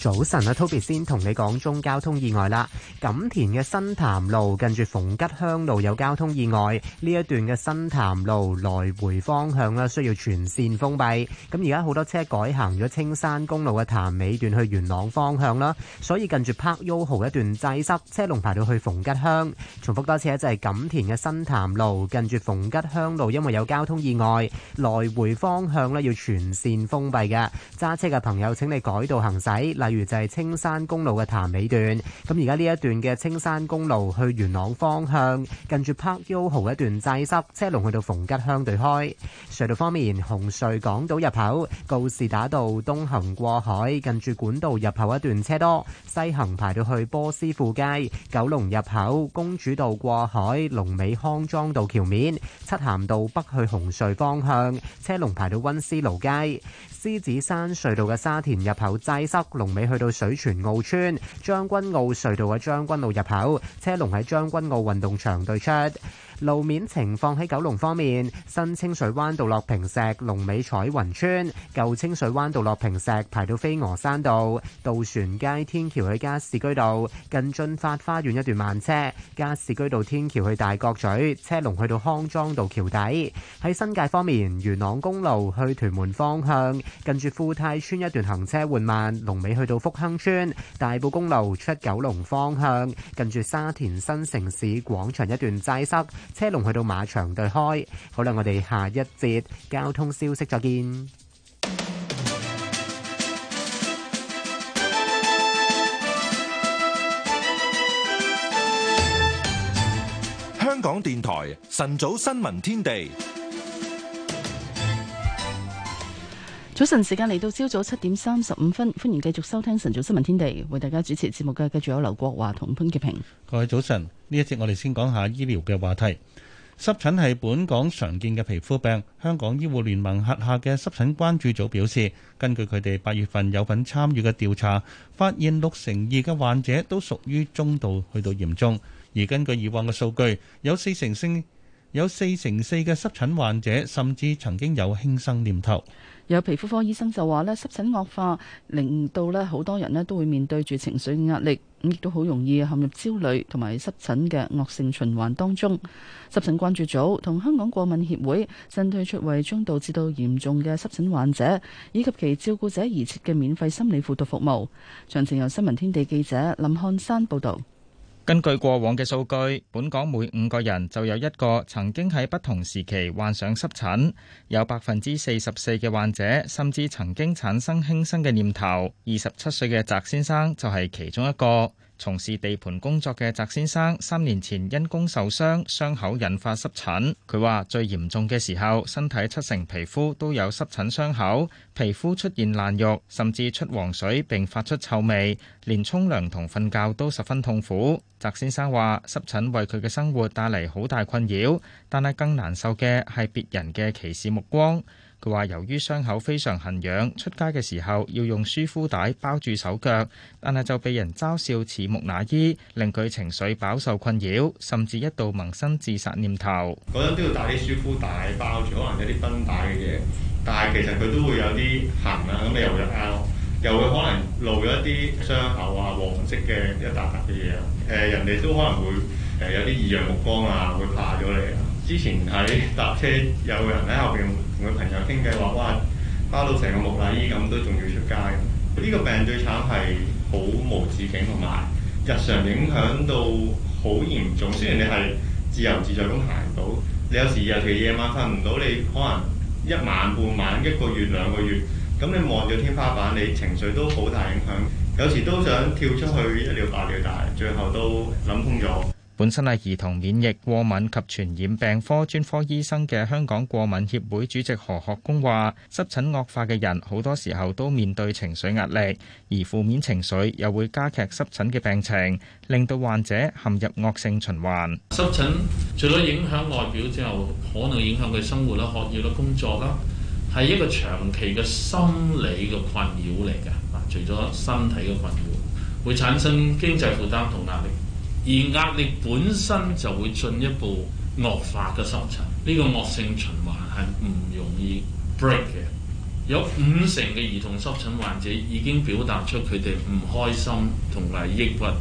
早晨啊，Toby 先同你講中交通意外啦。錦田嘅新潭路近住逢吉鄉路有交通意外，呢一段嘅新潭路來回方向咧，需要全綫封閉。咁而家好多車改行咗青山公路嘅潭尾段去元朗方向啦，所以近住 Park Road 一段擠塞，車龍排到去逢吉鄉。重複多次咧，就係錦田嘅新潭路近住逢吉鄉路，因為有交通意外，來回方向咧，要全綫封閉嘅。揸車嘅朋友，請你改道行駛。嗱。例如就係青山公路嘅潭尾段，咁而家呢一段嘅青山公路去元朗方向，近住柏 a r 豪一段擠塞，車龍去到逢吉鄉對開。隧道方面，紅隧港島入口告士打道東行過海，近住管道入口一段車多，西行排到去波斯富街，九龍入口公主道過海，龍尾康莊道橋面，漆咸道北去紅隧方向，車龍排到溫思勞街，獅子山隧道嘅沙田入口擠塞，龍尾。你去到水泉澳村將軍澳隧道嘅將軍澳入口，車龍喺將軍澳運動場對出路面情況。喺九龍方面，新清水灣道落坪石，龍尾彩雲邨；舊清水灣道落坪石，排到飛鵝山道，渡船街天橋去加士居道近駿發花園一段慢車，加士居道天橋去大角咀，車龍去到康莊道橋底。喺新界方面，元朗公路去屯門方向，近住富泰村一段行車緩慢，龍尾去。到福亨村，大埔公路出九龍方向，近住沙田新城市廣場一段擠塞，車龍去到馬場對開。好啦，我哋下一節交通消息再見。香港電台晨早新聞天地。早晨時間嚟到，朝早七點三十五分，歡迎繼續收聽《晨早新聞天地》，為大家主持節目嘅繼續有劉國華同潘潔平。各位早晨，呢一節我哋先講下醫療嘅話題。濕疹係本港常見嘅皮膚病。香港醫護聯盟轄下嘅濕疹關注組表示，根據佢哋八月份有份參與嘅調查，發現六成二嘅患者都屬於中度去到嚴重。而根據以往嘅數據，有四成，有四成四嘅濕疹患者甚至曾經有輕生念頭。有皮膚科醫生就話咧，濕疹惡化，令到咧好多人咧都會面對住情緒壓力，咁亦都好容易陷入焦慮同埋濕疹嘅惡性循環當中。濕疹關注組同香港過敏協會新推出為中度至到嚴重嘅濕疹患者以及其照顧者而設嘅免費心理輔導服務。詳情由新聞天地記者林漢山報導。根據過往嘅數據，本港每五個人就有一個曾經喺不同時期患上濕疹，有百分之四十四嘅患者甚至曾經產生輕生嘅念頭。二十七歲嘅翟先生就係其中一個。從事地盤工作嘅翟先生，三年前因工受傷，傷口引發濕疹。佢話最嚴重嘅時候，身體七成皮膚都有濕疹傷口，皮膚出現爛肉，甚至出黃水並發出臭味，連沖涼同瞓覺都十分痛苦。翟先生話濕疹為佢嘅生活帶嚟好大困擾，但係更難受嘅係別人嘅歧視目光。佢話：由於傷口非常痕癢，出街嘅時候要用舒膚帶包住手腳，但係就被人嘲笑似木乃伊，令佢情緒飽受困擾，甚至一度萌生自殺念頭。嗰陣都要帶啲舒膚帶包住，可能有啲繃帶嘅嘢，但係其實佢都會有啲痕啊，咁你又會 out 又會可能露咗一啲傷口啊，黃色嘅一笪笪嘅嘢啊，誒人哋都可能會誒有啲異樣目光啊，會怕咗你啊。之前喺搭車，有人喺後邊同佢朋友傾偈，話：哇，包到成個木乃伊咁，都仲要出街。呢個病最慘係好無止境，同埋日常影響到好嚴重。雖然你係自由自在咁行到，你有時尤其夜晚瞓唔到，你可能一晚半晚，一個月兩個月，咁你望咗天花板，你情緒都好大影響。有時都想跳出去一了百了，但係最後都諗通咗。本身係兒童免疫過敏及傳染病科專科醫生嘅香港過敏協會主席何學工話：濕疹惡化嘅人好多時候都面對情緒壓力，而負面情緒又會加劇濕疹嘅病情，令到患者陷入惡性循環。濕疹除咗影響外表之後，可能影響佢生活啦、學業啦、工作啦，係一個長期嘅心理嘅困擾嚟㗎。啊，除咗身體嘅困擾，會產生經濟負擔同壓力。而壓力本身就會進一步惡化嘅濕疹，呢個惡性循環係唔容易 break 嘅。有五成嘅兒童濕疹患者已經表達出佢哋唔開心同埋抑鬱。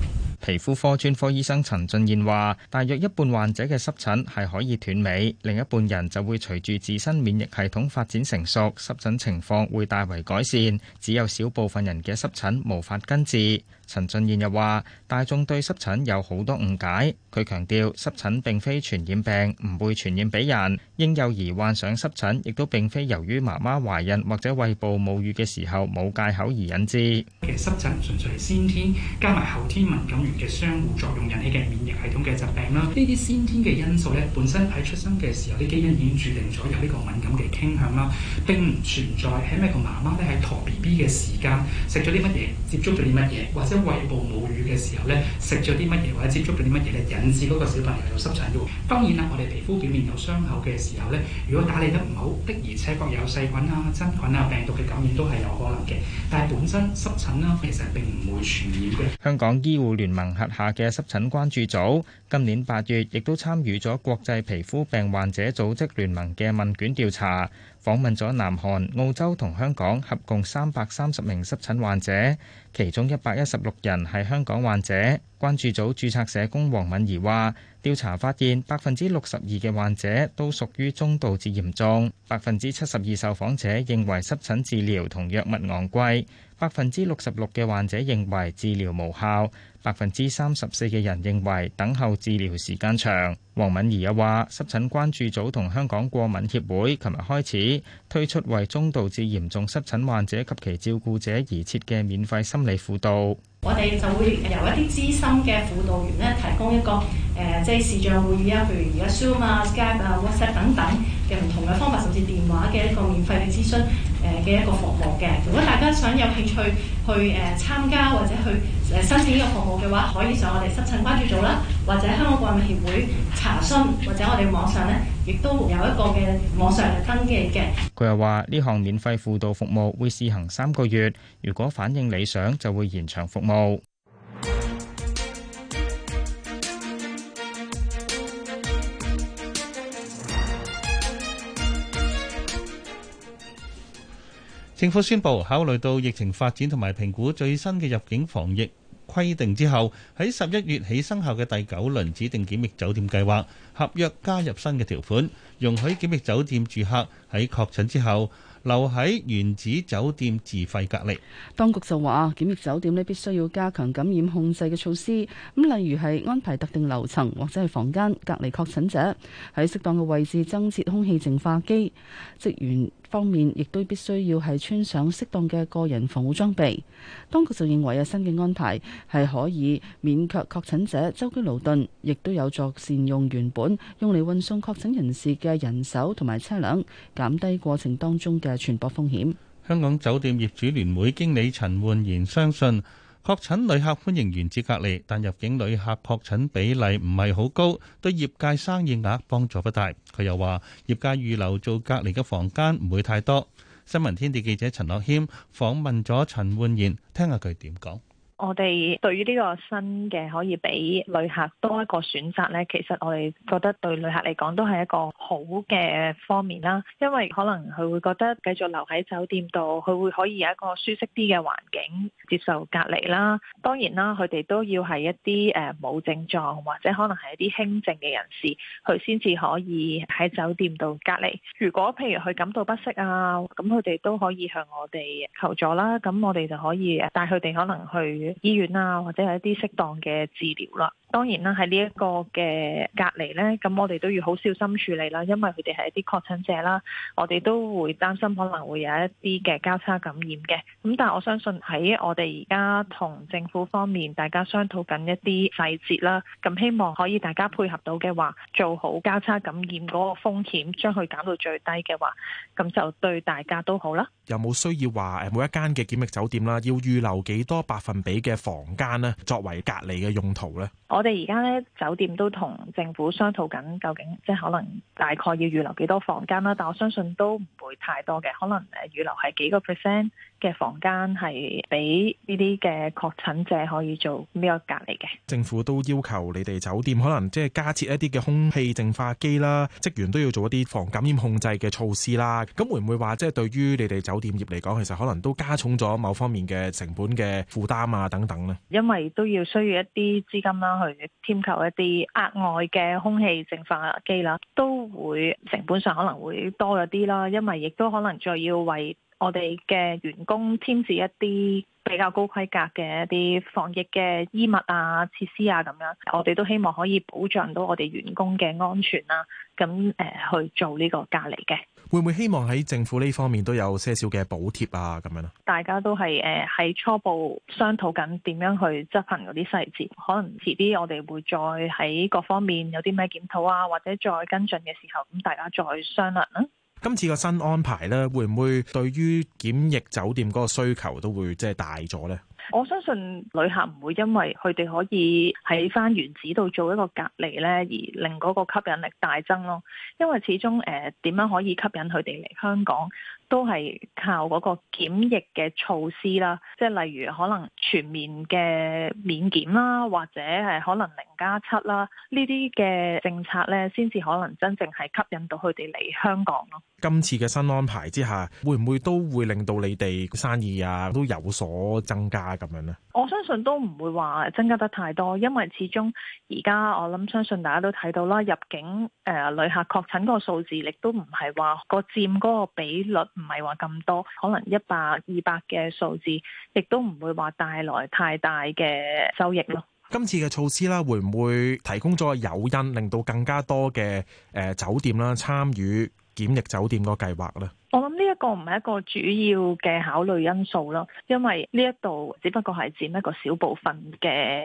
皮膚科專科醫生陳俊燕話，大約一半患者嘅濕疹係可以斷尾，另一半人就會隨住自身免疫系統發展成熟，濕疹情況會大為改善。只有少部分人嘅濕疹無法根治。陳俊賢又話：大眾對濕疹有好多誤解。佢強調，濕疹並非傳染病，唔會傳染俾人。嬰幼兒患上濕疹，亦都並非由於媽媽懷孕或者餵哺母乳嘅時候冇戒口而引致。其實濕疹純粹係先天加埋後天敏感源嘅相互作用引起嘅免疫系統嘅疾病啦。呢啲先天嘅因素咧，本身喺出生嘅時候，啲基因已經注定咗有呢個敏感嘅傾向啦，並唔存在喺咩個媽媽咧喺陀 B B 嘅時間食咗啲乜嘢，接觸咗啲乜嘢，或者。餵哺母乳嘅時候呢，食咗啲乜嘢或者接觸咗啲乜嘢咧，引致嗰個小朋友有濕疹嘅。當然啦，我哋皮膚表面有傷口嘅時候呢，如果打理得唔好，的而且確有細菌啊、真菌啊、病毒嘅感染都係有可能嘅。但係本身濕疹啦，其實並唔會傳染嘅。香港醫護聯盟轄下嘅濕疹關注組今年八月亦都參與咗國際皮膚病患者組織聯盟嘅問卷調查，訪問咗南韓、澳洲同香港合共三百三十名濕疹患者。其中一百一十六人係香港患者。關注組註冊社工黃敏儀話：調查發現，百分之六十二嘅患者都屬於中度至嚴重。百分之七十二受訪者認為濕疹治療同藥物昂貴。百分之六十六嘅患者認為治療無效。百分之三十四嘅人認為等候治療時間長。黃敏儀又話：濕疹關注組同香港過敏協會，琴日開始推出為中度至嚴重濕疹患者及其照顧者而設嘅免費心理輔導。我哋就會由一啲資深嘅輔導員咧，提供一個誒、呃，即係視像會議啊，譬如而家 Zoom 啊、Skype 啊、WhatsApp 等等嘅唔同嘅方法，甚至電話嘅一個免費嘅諮詢。嘅一個服務嘅，如果大家想有興趣去誒參加或者去誒申請呢個服務嘅話，可以上我哋濕疹關注組啦，或者香港國民協會查詢，或者我哋網上咧亦都有一個嘅網上嘅登記嘅。佢又話呢項免費輔導服務會試行三個月，如果反映理想就會延長服務。政府宣布，考慮到疫情發展同埋評估最新嘅入境防疫規定之後，喺十一月起生效嘅第九輪指定檢疫酒店計劃，合約加入新嘅條款，容許檢疫酒店住客喺確診之後留喺原址酒店自費隔離。當局就話檢疫酒店咧必須要加強感染控制嘅措施，咁例如係安排特定樓層或者係房間隔離確診者，喺適當嘅位置增設空氣淨化機職員。方面亦都必須要係穿上適當嘅個人防護裝備，當局就認為有新嘅安排係可以免卻確診者周居勞頓，亦都有助善用原本用嚟運送確診人士嘅人手同埋車輛，減低過程當中嘅傳播風險。香港酒店業主聯會經理陳煥賢相信。確診旅客歡迎原址隔離，但入境旅客確診比例唔係好高，對業界生意額幫助不大。佢又話：業界預留做隔離嘅房間唔會太多。新聞天地記者陳樂謙訪問咗陳換然，聽下佢點講。我哋對於呢個新嘅可以俾旅客多一個選擇呢，其實我哋覺得對旅客嚟講都係一個好嘅方面啦。因為可能佢會覺得繼續留喺酒店度，佢會可以有一個舒適啲嘅環境接受隔離啦。當然啦，佢哋都要係一啲誒冇症狀或者可能係一啲輕症嘅人士，佢先至可以喺酒店度隔離。如果譬如佢感到不適啊，咁佢哋都可以向我哋求助啦。咁我哋就可以帶佢哋可能去醫院啊，或者係一啲適當嘅治療啦，啊。當然啦，喺呢一個嘅隔離呢，咁我哋都要好小心處理啦，因為佢哋係一啲確診者啦，我哋都會擔心可能會有一啲嘅交叉感染嘅。咁但係我相信喺我哋而家同政府方面大家商討緊一啲細節啦，咁希望可以大家配合到嘅話，做好交叉感染嗰個風險，將佢減到最低嘅話，咁就對大家都好啦。有冇需要話每一間嘅檢疫酒店啦，要預留幾多百分比嘅房間咧，作為隔離嘅用途呢？我哋而家咧酒店都同政府商討緊，究竟即係可能大概要預留幾多房間啦？但我相信都唔會太多嘅，可能誒預留係幾個 percent。嘅房間係俾呢啲嘅確診者可以做呢個隔離嘅。政府都要求你哋酒店可能即係加設一啲嘅空氣淨化機啦，職員都要做一啲防感染控制嘅措施啦。咁會唔會話即係對於你哋酒店業嚟講其實可能都加重咗某方面嘅成本嘅負擔啊等等咧？因為都要需要一啲資金啦，去添購一啲額外嘅空氣淨化機啦，都會成本上可能會多咗啲啦。因為亦都可能再要為。我哋嘅員工添置一啲比較高規格嘅一啲防疫嘅衣物啊、設施啊咁樣，我哋都希望可以保障到我哋員工嘅安全啦、啊。咁、嗯、誒去做呢個隔離嘅，會唔會希望喺政府呢方面都有些少嘅補貼啊？咁樣大家都係誒喺初步商討緊點樣去執行嗰啲細節，可能遲啲我哋會再喺各方面有啲咩檢討啊，或者再跟進嘅時候，咁大家再商量啦。今次個新安排咧，會唔會對於檢疫酒店嗰個需求都會即係大咗呢？我相信旅客唔會因為佢哋可以喺翻原址度做一個隔離呢，而令嗰個吸引力大增咯。因為始終誒點樣可以吸引佢哋嚟香港？都係靠嗰個檢疫嘅措施啦，即係例如可能全面嘅免檢啦，或者係可能零加七啦，呢啲嘅政策咧，先至可能真正係吸引到佢哋嚟香港咯。今次嘅新安排之下，會唔會都會令到你哋生意啊都有所增加咁樣呢？我相信都唔會話增加得太多，因為始終而家我諗相信大家都睇到啦，入境誒、呃、旅客確診個數字亦都唔係話個佔嗰個比率。唔係話咁多，可能一百、二百嘅數字，亦都唔會話帶來太大嘅收益咯。今次嘅措施啦，會唔會提供咗個誘因，令到更加多嘅誒酒店啦參與檢疫酒店個計劃呢？我諗呢一個唔係一個主要嘅考慮因素咯，因為呢一度只不過係佔一個小部分嘅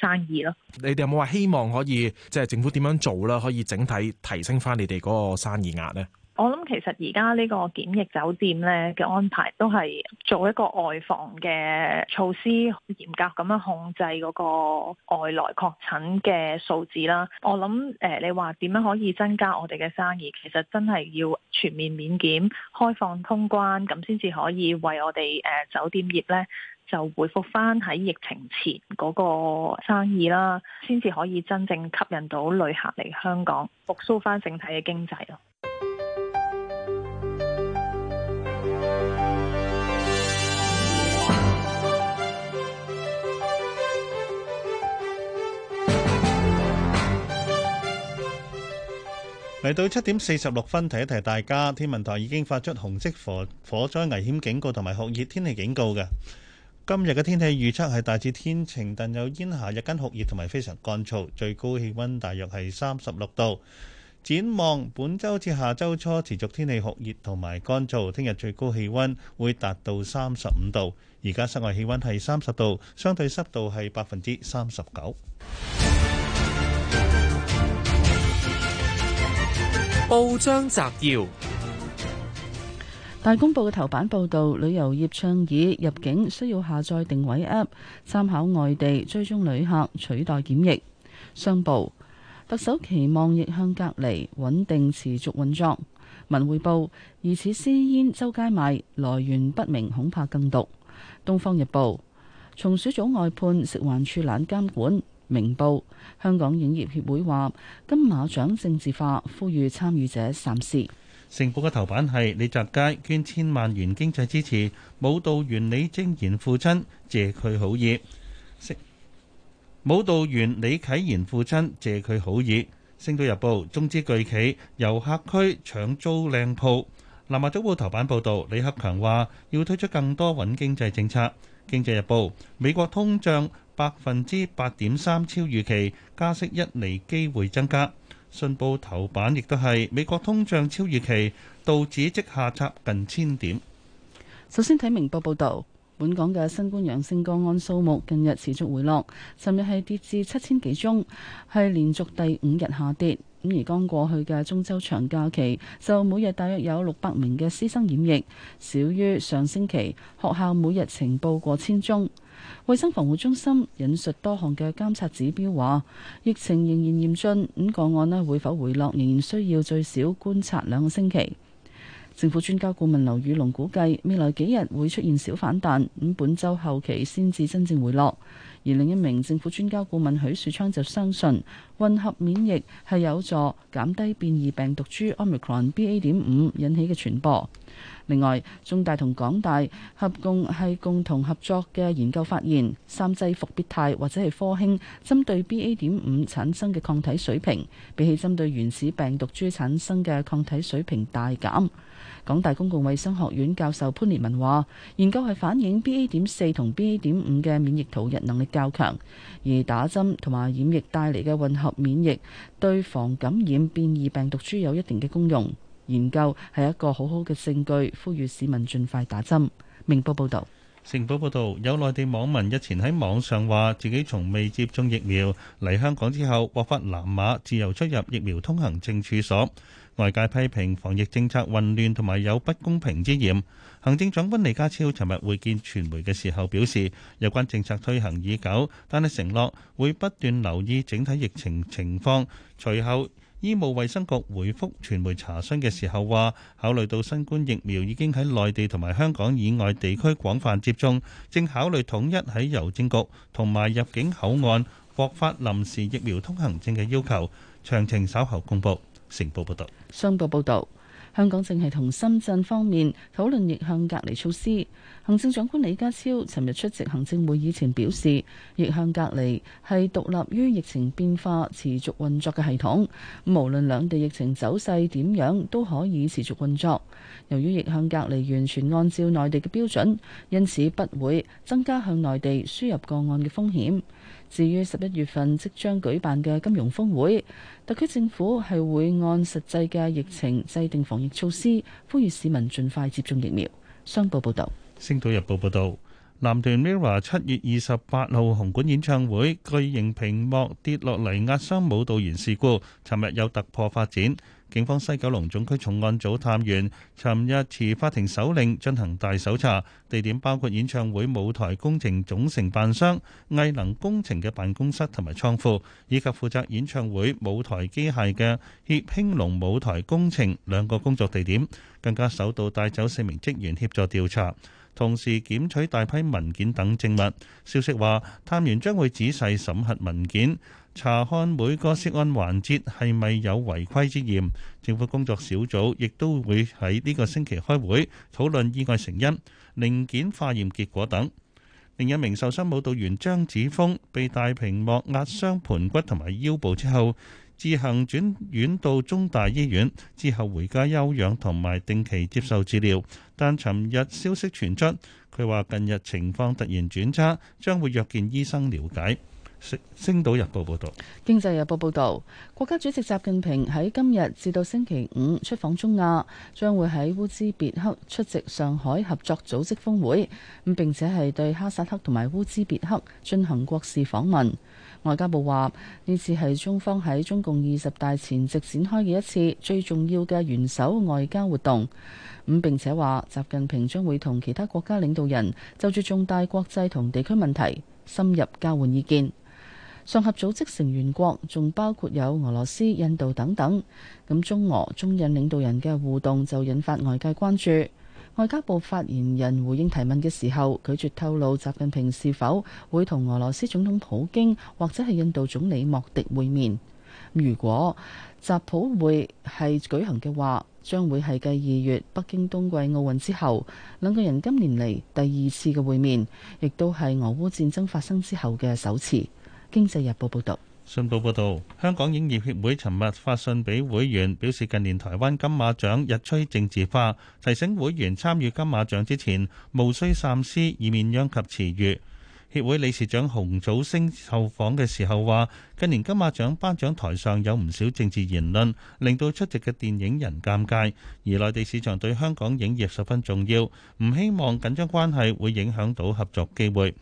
誒生意咯。你哋有冇話希望可以即係政府點樣做啦？可以整體提升翻你哋嗰個生意額呢？我諗其實而家呢個檢疫酒店咧嘅安排都係做一個外防嘅措施，好嚴格咁樣控制嗰個外來確診嘅數字啦。我諗誒、呃，你話點樣可以增加我哋嘅生意？其實真係要全面免檢、開放通關，咁先至可以為我哋誒、呃、酒店業呢就回復翻喺疫情前嗰個生意啦，先至可以真正吸引到旅客嚟香港復蘇翻整體嘅經濟咯。嚟到七點四十六分，提一提大家，天文台已經發出紅色火火災危險警告同埋酷熱天氣警告嘅。今日嘅天氣預測係大致天晴，但有煙霞，日間酷熱同埋非常乾燥，最高氣温大約係三十六度。展望本週至下周初持續天氣酷熱同埋乾燥，聽日最高氣温會達到三十五度。而家室外氣温係三十度，相對濕度係百分之三十九。報章摘要：大公報嘅頭版報道，旅遊業倡議入境需要下載定位 App，參考外地追蹤旅客，取代檢疫。商報：特首期望逆向隔離穩定持續運作。文匯報：疑似私煙周街賣，來源不明，恐怕更毒。東方日報：松鼠組外判，食環處懶監管。明報，香港影業協會話金馬獎政治化，呼籲參與者三思。《成報》嘅頭版係李澤楷捐千萬元經濟支持，舞蹈員李靖賢父親謝佢好意。《星》舞蹈員李啟賢父親謝佢好意。《星島日報》中資巨企遊客區搶租靚鋪，《南華早報》頭版報導李克強話要推出更多穩經濟政策，《經濟日報》美國通脹。百分之八點三超預期，加息一厘機會增加。《信報》頭版亦都係美國通脹超預期，道指即下插近千點。首先睇《明報》報道，本港嘅新冠陽性個案數目近日持續回落，尋日係跌至七千幾宗，係連續第五日下跌。咁而剛過去嘅中秋長假期，就每日大約有六百名嘅師生染疫，少於上星期學校每日情報過千宗。衛生防護中心引述多項嘅監測指標話，疫情仍然嚴峻，咁個案呢，會否回落仍然需要最少觀察兩個星期。政府專家顧問劉宇龍估計，未來幾日會出現小反彈，咁本周後期先至真正回落。而另一名政府專家顧問許樹昌就相信。混合免疫係有助減低變異病毒株 Omicron BA. 點五引起嘅傳播。另外，中大同港大合共係共同合作嘅研究發現，三劑伏必泰或者係科興針對 BA. 點五產生嘅抗體水平，比起針對原始病毒株產生嘅抗體水平大減。港大公共衛生學院教授潘烈文話，研究係反映 BA. 點四同 BA. 點五嘅免疫逃逸能力較強，而打針同埋染疫帶嚟嘅混合免疫對防感染變異病毒株有一定嘅功用，研究係一個好好嘅證據，呼籲市民盡快打針。明報報導，城報報導，有內地網民日前喺網上話，自己從未接種疫苗嚟香港之後，獲發藍碼，自由出入疫苗通行證處所。外界批評防疫政策混亂，同埋有不公平之嫌。行政長官李家超尋日會見傳媒嘅時候表示，有關政策推行已久，但係承諾會不斷留意整體疫情情況。隨後，醫務衛生局回覆傳媒查詢嘅時候話，考慮到新冠疫苗已經喺內地同埋香港以外地區廣泛接種，正考慮統一喺郵政局同埋入境口岸獲發臨時疫苗通行證嘅要求，詳情稍後公布。成報報道，商報報道，香港正係同深圳方面討論逆向隔離措施。行政長官李家超尋日出席行政會議前表示，逆向隔離係獨立於疫情變化持續運作嘅系統，無論兩地疫情走勢點樣，都可以持續運作。由於逆向隔離完全按照內地嘅標準，因此不會增加向內地輸入個案嘅風險。至於十一月份即將舉辦嘅金融峰會，特區政府係會按實際嘅疫情制定防疫措施，呼籲市民盡快接種疫苗。商報報導，《星島日報》報道，男團 MIRROR 七月二十八號紅館演唱會巨型屏幕跌落嚟壓傷舞蹈員事故，尋日有突破發展。警方西九龍總區重案組探員尋日持法庭手令進行大搜查，地點包括演唱會舞台工程總承辦商藝能工程嘅辦公室同埋倉庫，以及負責演唱會舞台機械嘅協興隆舞台工程兩個工作地點，更加首度帶走四名職員協助調查，同時檢取大批文件等證物。消息話，探員將會仔細審核文件。查看每個涉案環節係咪有違規之嫌，政府工作小組亦都會喺呢個星期開會討論意外成因、零件化驗結果等。另一名受傷舞蹈員張子峰被大屏幕壓傷盆骨同埋腰部之後，自行轉院到中大醫院，之後回家休養同埋定期接受治療。但尋日消息傳出，佢話近日情況突然轉差，將會約見醫生了解。《星島日報》報道，《經濟日報》報道，國家主席習近平喺今日至到星期五出訪中亞，將會喺烏茲別克出席上海合作組織峰會，咁並且係對哈薩克同埋烏茲別克進行國事訪問。外交部話呢次係中方喺中共二十大前夕展開嘅一次最重要嘅元首外交活動，咁並且話習近平將會同其他國家領導人就住重大國際同地區問題深入交換意見。上合組織成員國仲包括有俄羅斯、印度等等，咁中俄、中印領導人嘅互動就引發外界關注。外交部發言人回應提問嘅時候，拒絕透露習近平是否會同俄羅斯總統普京或者係印度總理莫迪會面。如果習普會係舉行嘅話，將會係繼二月北京冬季奧運之後，兩個人今年嚟第二次嘅會面，亦都係俄烏戰爭發生之後嘅首次。經濟日報報道，信報報道，香港影業協會尋日發信俾會員，表示近年台灣金馬獎日趨政治化，提醒會員參與金馬獎之前，毋需三思以免殃及池魚。協會理事長洪祖星受訪嘅時候話，近年金馬獎頒獎台上有唔少政治言論，令到出席嘅電影人尷尬。而內地市場對香港影業十分重要，唔希望緊張關係會影響到合作機會。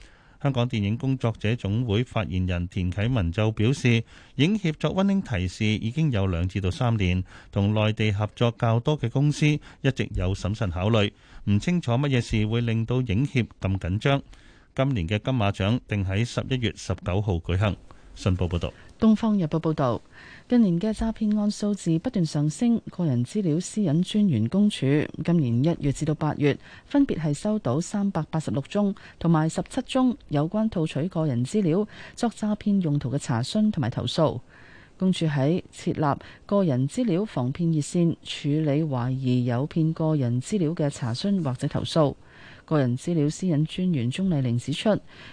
香港電影工作者總會發言人田啟文就表示，影協作溫馨提示已經有兩至到三年，同內地合作較多嘅公司一直有審慎考慮，唔清楚乜嘢事會令到影協咁緊張。今年嘅金馬獎定喺十一月十九號舉行。信報報道，東方日報報道。近年嘅詐騙案數字不斷上升，個人資料私隱專員公署今年一月至到八月，分別係收到三百八十六宗同埋十七宗有關套取個人資料作詐騙用途嘅查詢同埋投訴。公署喺設立個人資料防騙熱線，處理懷疑有騙個人資料嘅查詢或者投訴。個人資料私隱專員鍾麗玲指出，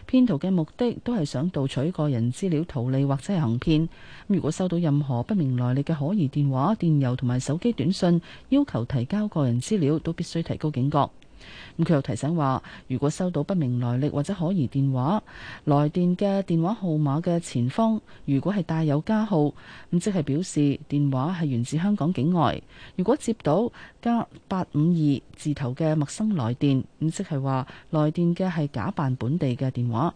騙徒嘅目的都係想盜取個人資料、圖利或者係行騙。如果收到任何不明來歷嘅可疑電話、電郵同埋手機短信，要求提交個人資料，都必須提高警覺。咁佢又提醒話，如果收到不明來歷或者可疑電話，來電嘅電話號碼嘅前方如果係帶有加號，咁即係表示電話係源自香港境外。如果接到加八五二字頭嘅陌生來電，咁即係話來電嘅係假扮本地嘅電話。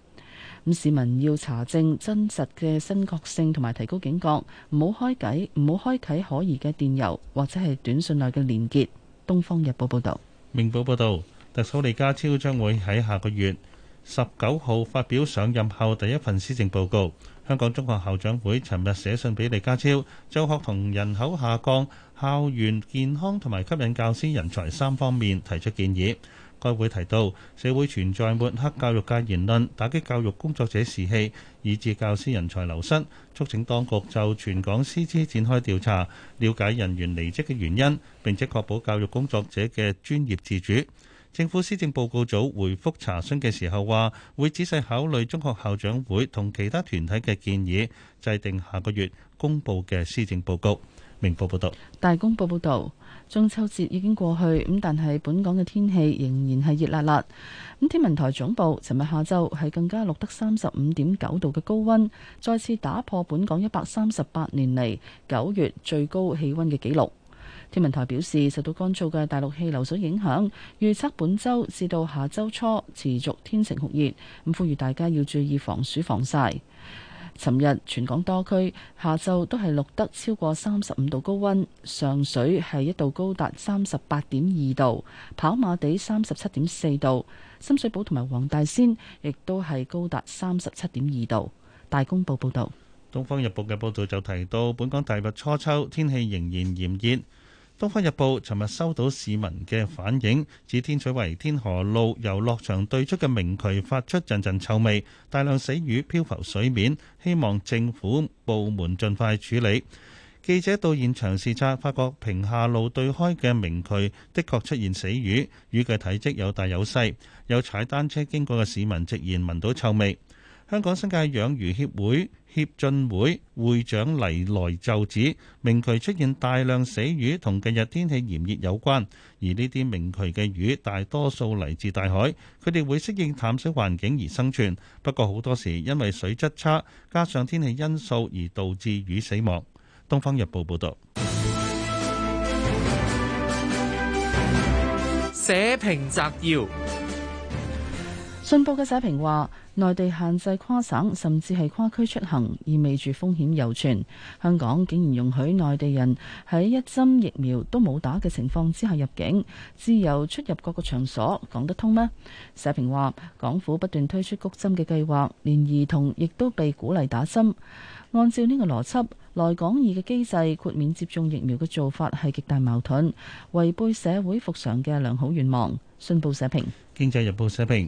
咁市民要查證真實嘅新確性，同埋提高警覺，唔好開啟，唔好開啟可疑嘅電郵或者係短信內嘅連結。東方日報報道。明報報道，特首李家超將會喺下個月十九號發表上任後第一份施政報告。香港中學校長會尋日寫信畀李家超，就學童人口下降、校園健康同埋吸引教師人才三方面提出建議。該會提到，社會存在抹黑教育界言論，打擊教育工作者士氣，以致教師人才流失。促請當局就全港師資展開調查，了解人員離職嘅原因，並且確保教育工作者嘅專業自主。政府施政報告組回覆查詢嘅時候話，會仔細考慮中學校長會同其他團體嘅建議，制定下個月公布嘅施政報告。明報報道。大公報報導。中秋節已經過去，咁但係本港嘅天氣仍然係熱辣辣。咁天文台總部尋日下晝係更加錄得三十五點九度嘅高溫，再次打破本港一百三十八年嚟九月最高氣溫嘅紀錄。天文台表示，受到乾燥嘅大陸氣流所影響，預測本週至到下周初持續天晴酷熱，咁呼籲大家要注意防暑防曬。尋日全港多區下晝都係錄得超過三十五度高温，上水係一度高達三十八點二度，跑馬地三十七點四度，深水埗同埋黃大仙亦都係高達三十七點二度。大公報報道。《東方日報》嘅報導就提到，本港踏入初秋，天氣仍然炎熱。《東方日報》尋日收到市民嘅反映，指天水圍天河路遊樂場對出嘅明渠發出陣陣臭味，大量死魚漂浮水面，希望政府部門盡快處理。記者到現場視察，發覺屏廈路對開嘅明渠，的確出現死魚，魚嘅體積有大有細，有踩單車經過嘅市民直言聞到臭味。香港新界養魚協會。協進會會長黎來就指，明渠出現大量死魚同近日天氣炎熱有關，而呢啲明渠嘅魚大多數嚟自大海，佢哋會適應淡水環境而生存，不過好多時因為水質差，加上天氣因素而導致魚死亡。東方日報報道。社評摘要。信報嘅社評話：內地限制跨省甚至係跨區出行，意味住風險猶存。香港竟然容許內地人喺一針疫苗都冇打嘅情況之下入境，自由出入各個場所，講得通咩？社評話：港府不斷推出谷針嘅計劃，連兒童亦都被鼓勵打針。按照呢個邏輯，來港易嘅機制豁免接種疫苗嘅做法係極大矛盾，違背社會復常嘅良好願望。信報社評，《經濟日報》社評。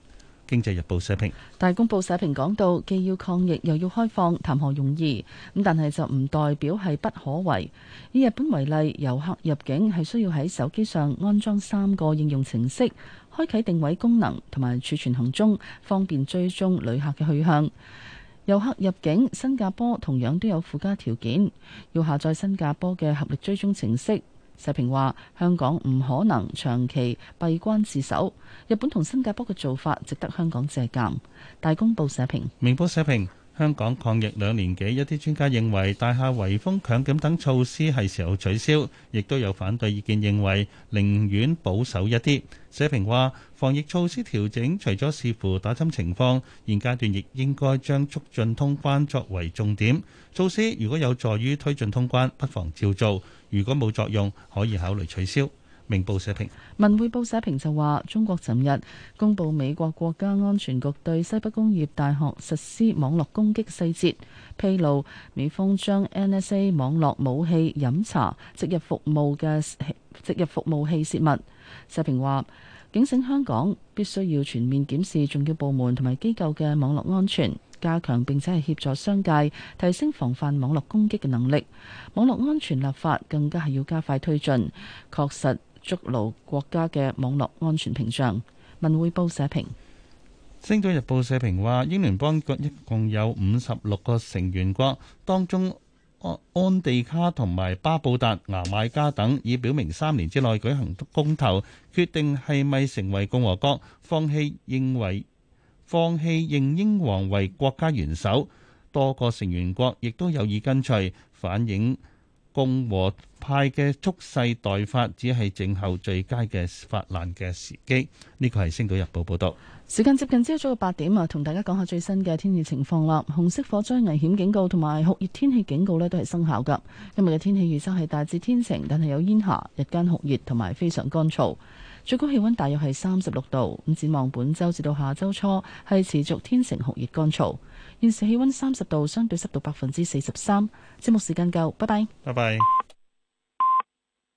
經濟日報社評，大公報社評講到，既要抗疫又要開放，談何容易？咁但係就唔代表係不可為。以日本為例，遊客入境係需要喺手機上安裝三個應用程式，開啓定位功能同埋儲存行蹤，方便追蹤旅客嘅去向。遊客入境新加坡同樣都有附加條件，要下載新加坡嘅合力追蹤程式。社評話：香港唔可能長期閉關自守，日本同新加坡嘅做法值得香港借鑑。大公報社評，明報社評。香港抗疫兩年幾，一啲專家認為大廈圍封、強檢等措施係時候取消，亦都有反對意見認為寧願保守一啲。社評話，防疫措施調整除咗視乎打針情況，現階段亦應該將促進通關作為重點措施。如果有助於推進通關，不妨照做；如果冇作用，可以考慮取消。明報社評。文匯報社評就話，中國尋日公布美國國家安全局對西北工業大學實施網絡攻擊細節，披露美方將 NSA 網絡武器飲茶植入服務嘅植入服務器泄密。社評話：警醒香港必須要全面檢視重要部門同埋機構嘅網絡安全，加強並且係協助商界提升防範網絡攻擊嘅能力。網絡安全立法更加係要加快推進，確實。築牢國家嘅網絡安全屏障。文匯報社評，《星島日報》社評話：英聯邦國一共有五十六個成員國，當中安安地卡同埋巴布達、牙買加等已表明三年之內舉行公投，決定係咪成為共和國，放棄認為放棄認英皇為國家元首。多個成員國亦都有意跟隨反映。共和派嘅，蓄勢待發，只係靜候最佳嘅發難嘅時機。呢個係《星島日報》報道。時間接近朝早嘅八點啊，同大家講下最新嘅天氣情況啦。紅色火災危險警告同埋酷熱天氣警告咧，都係生效噶。今日嘅天氣預測係大致天晴，但係有煙霞，日間酷熱同埋非常乾燥，最高氣溫大約係三十六度。咁展望本周至到下周初係持續天晴酷熱乾燥。現時氣溫三十度，相對濕度百分之四十三。節目時間夠，拜拜。拜拜。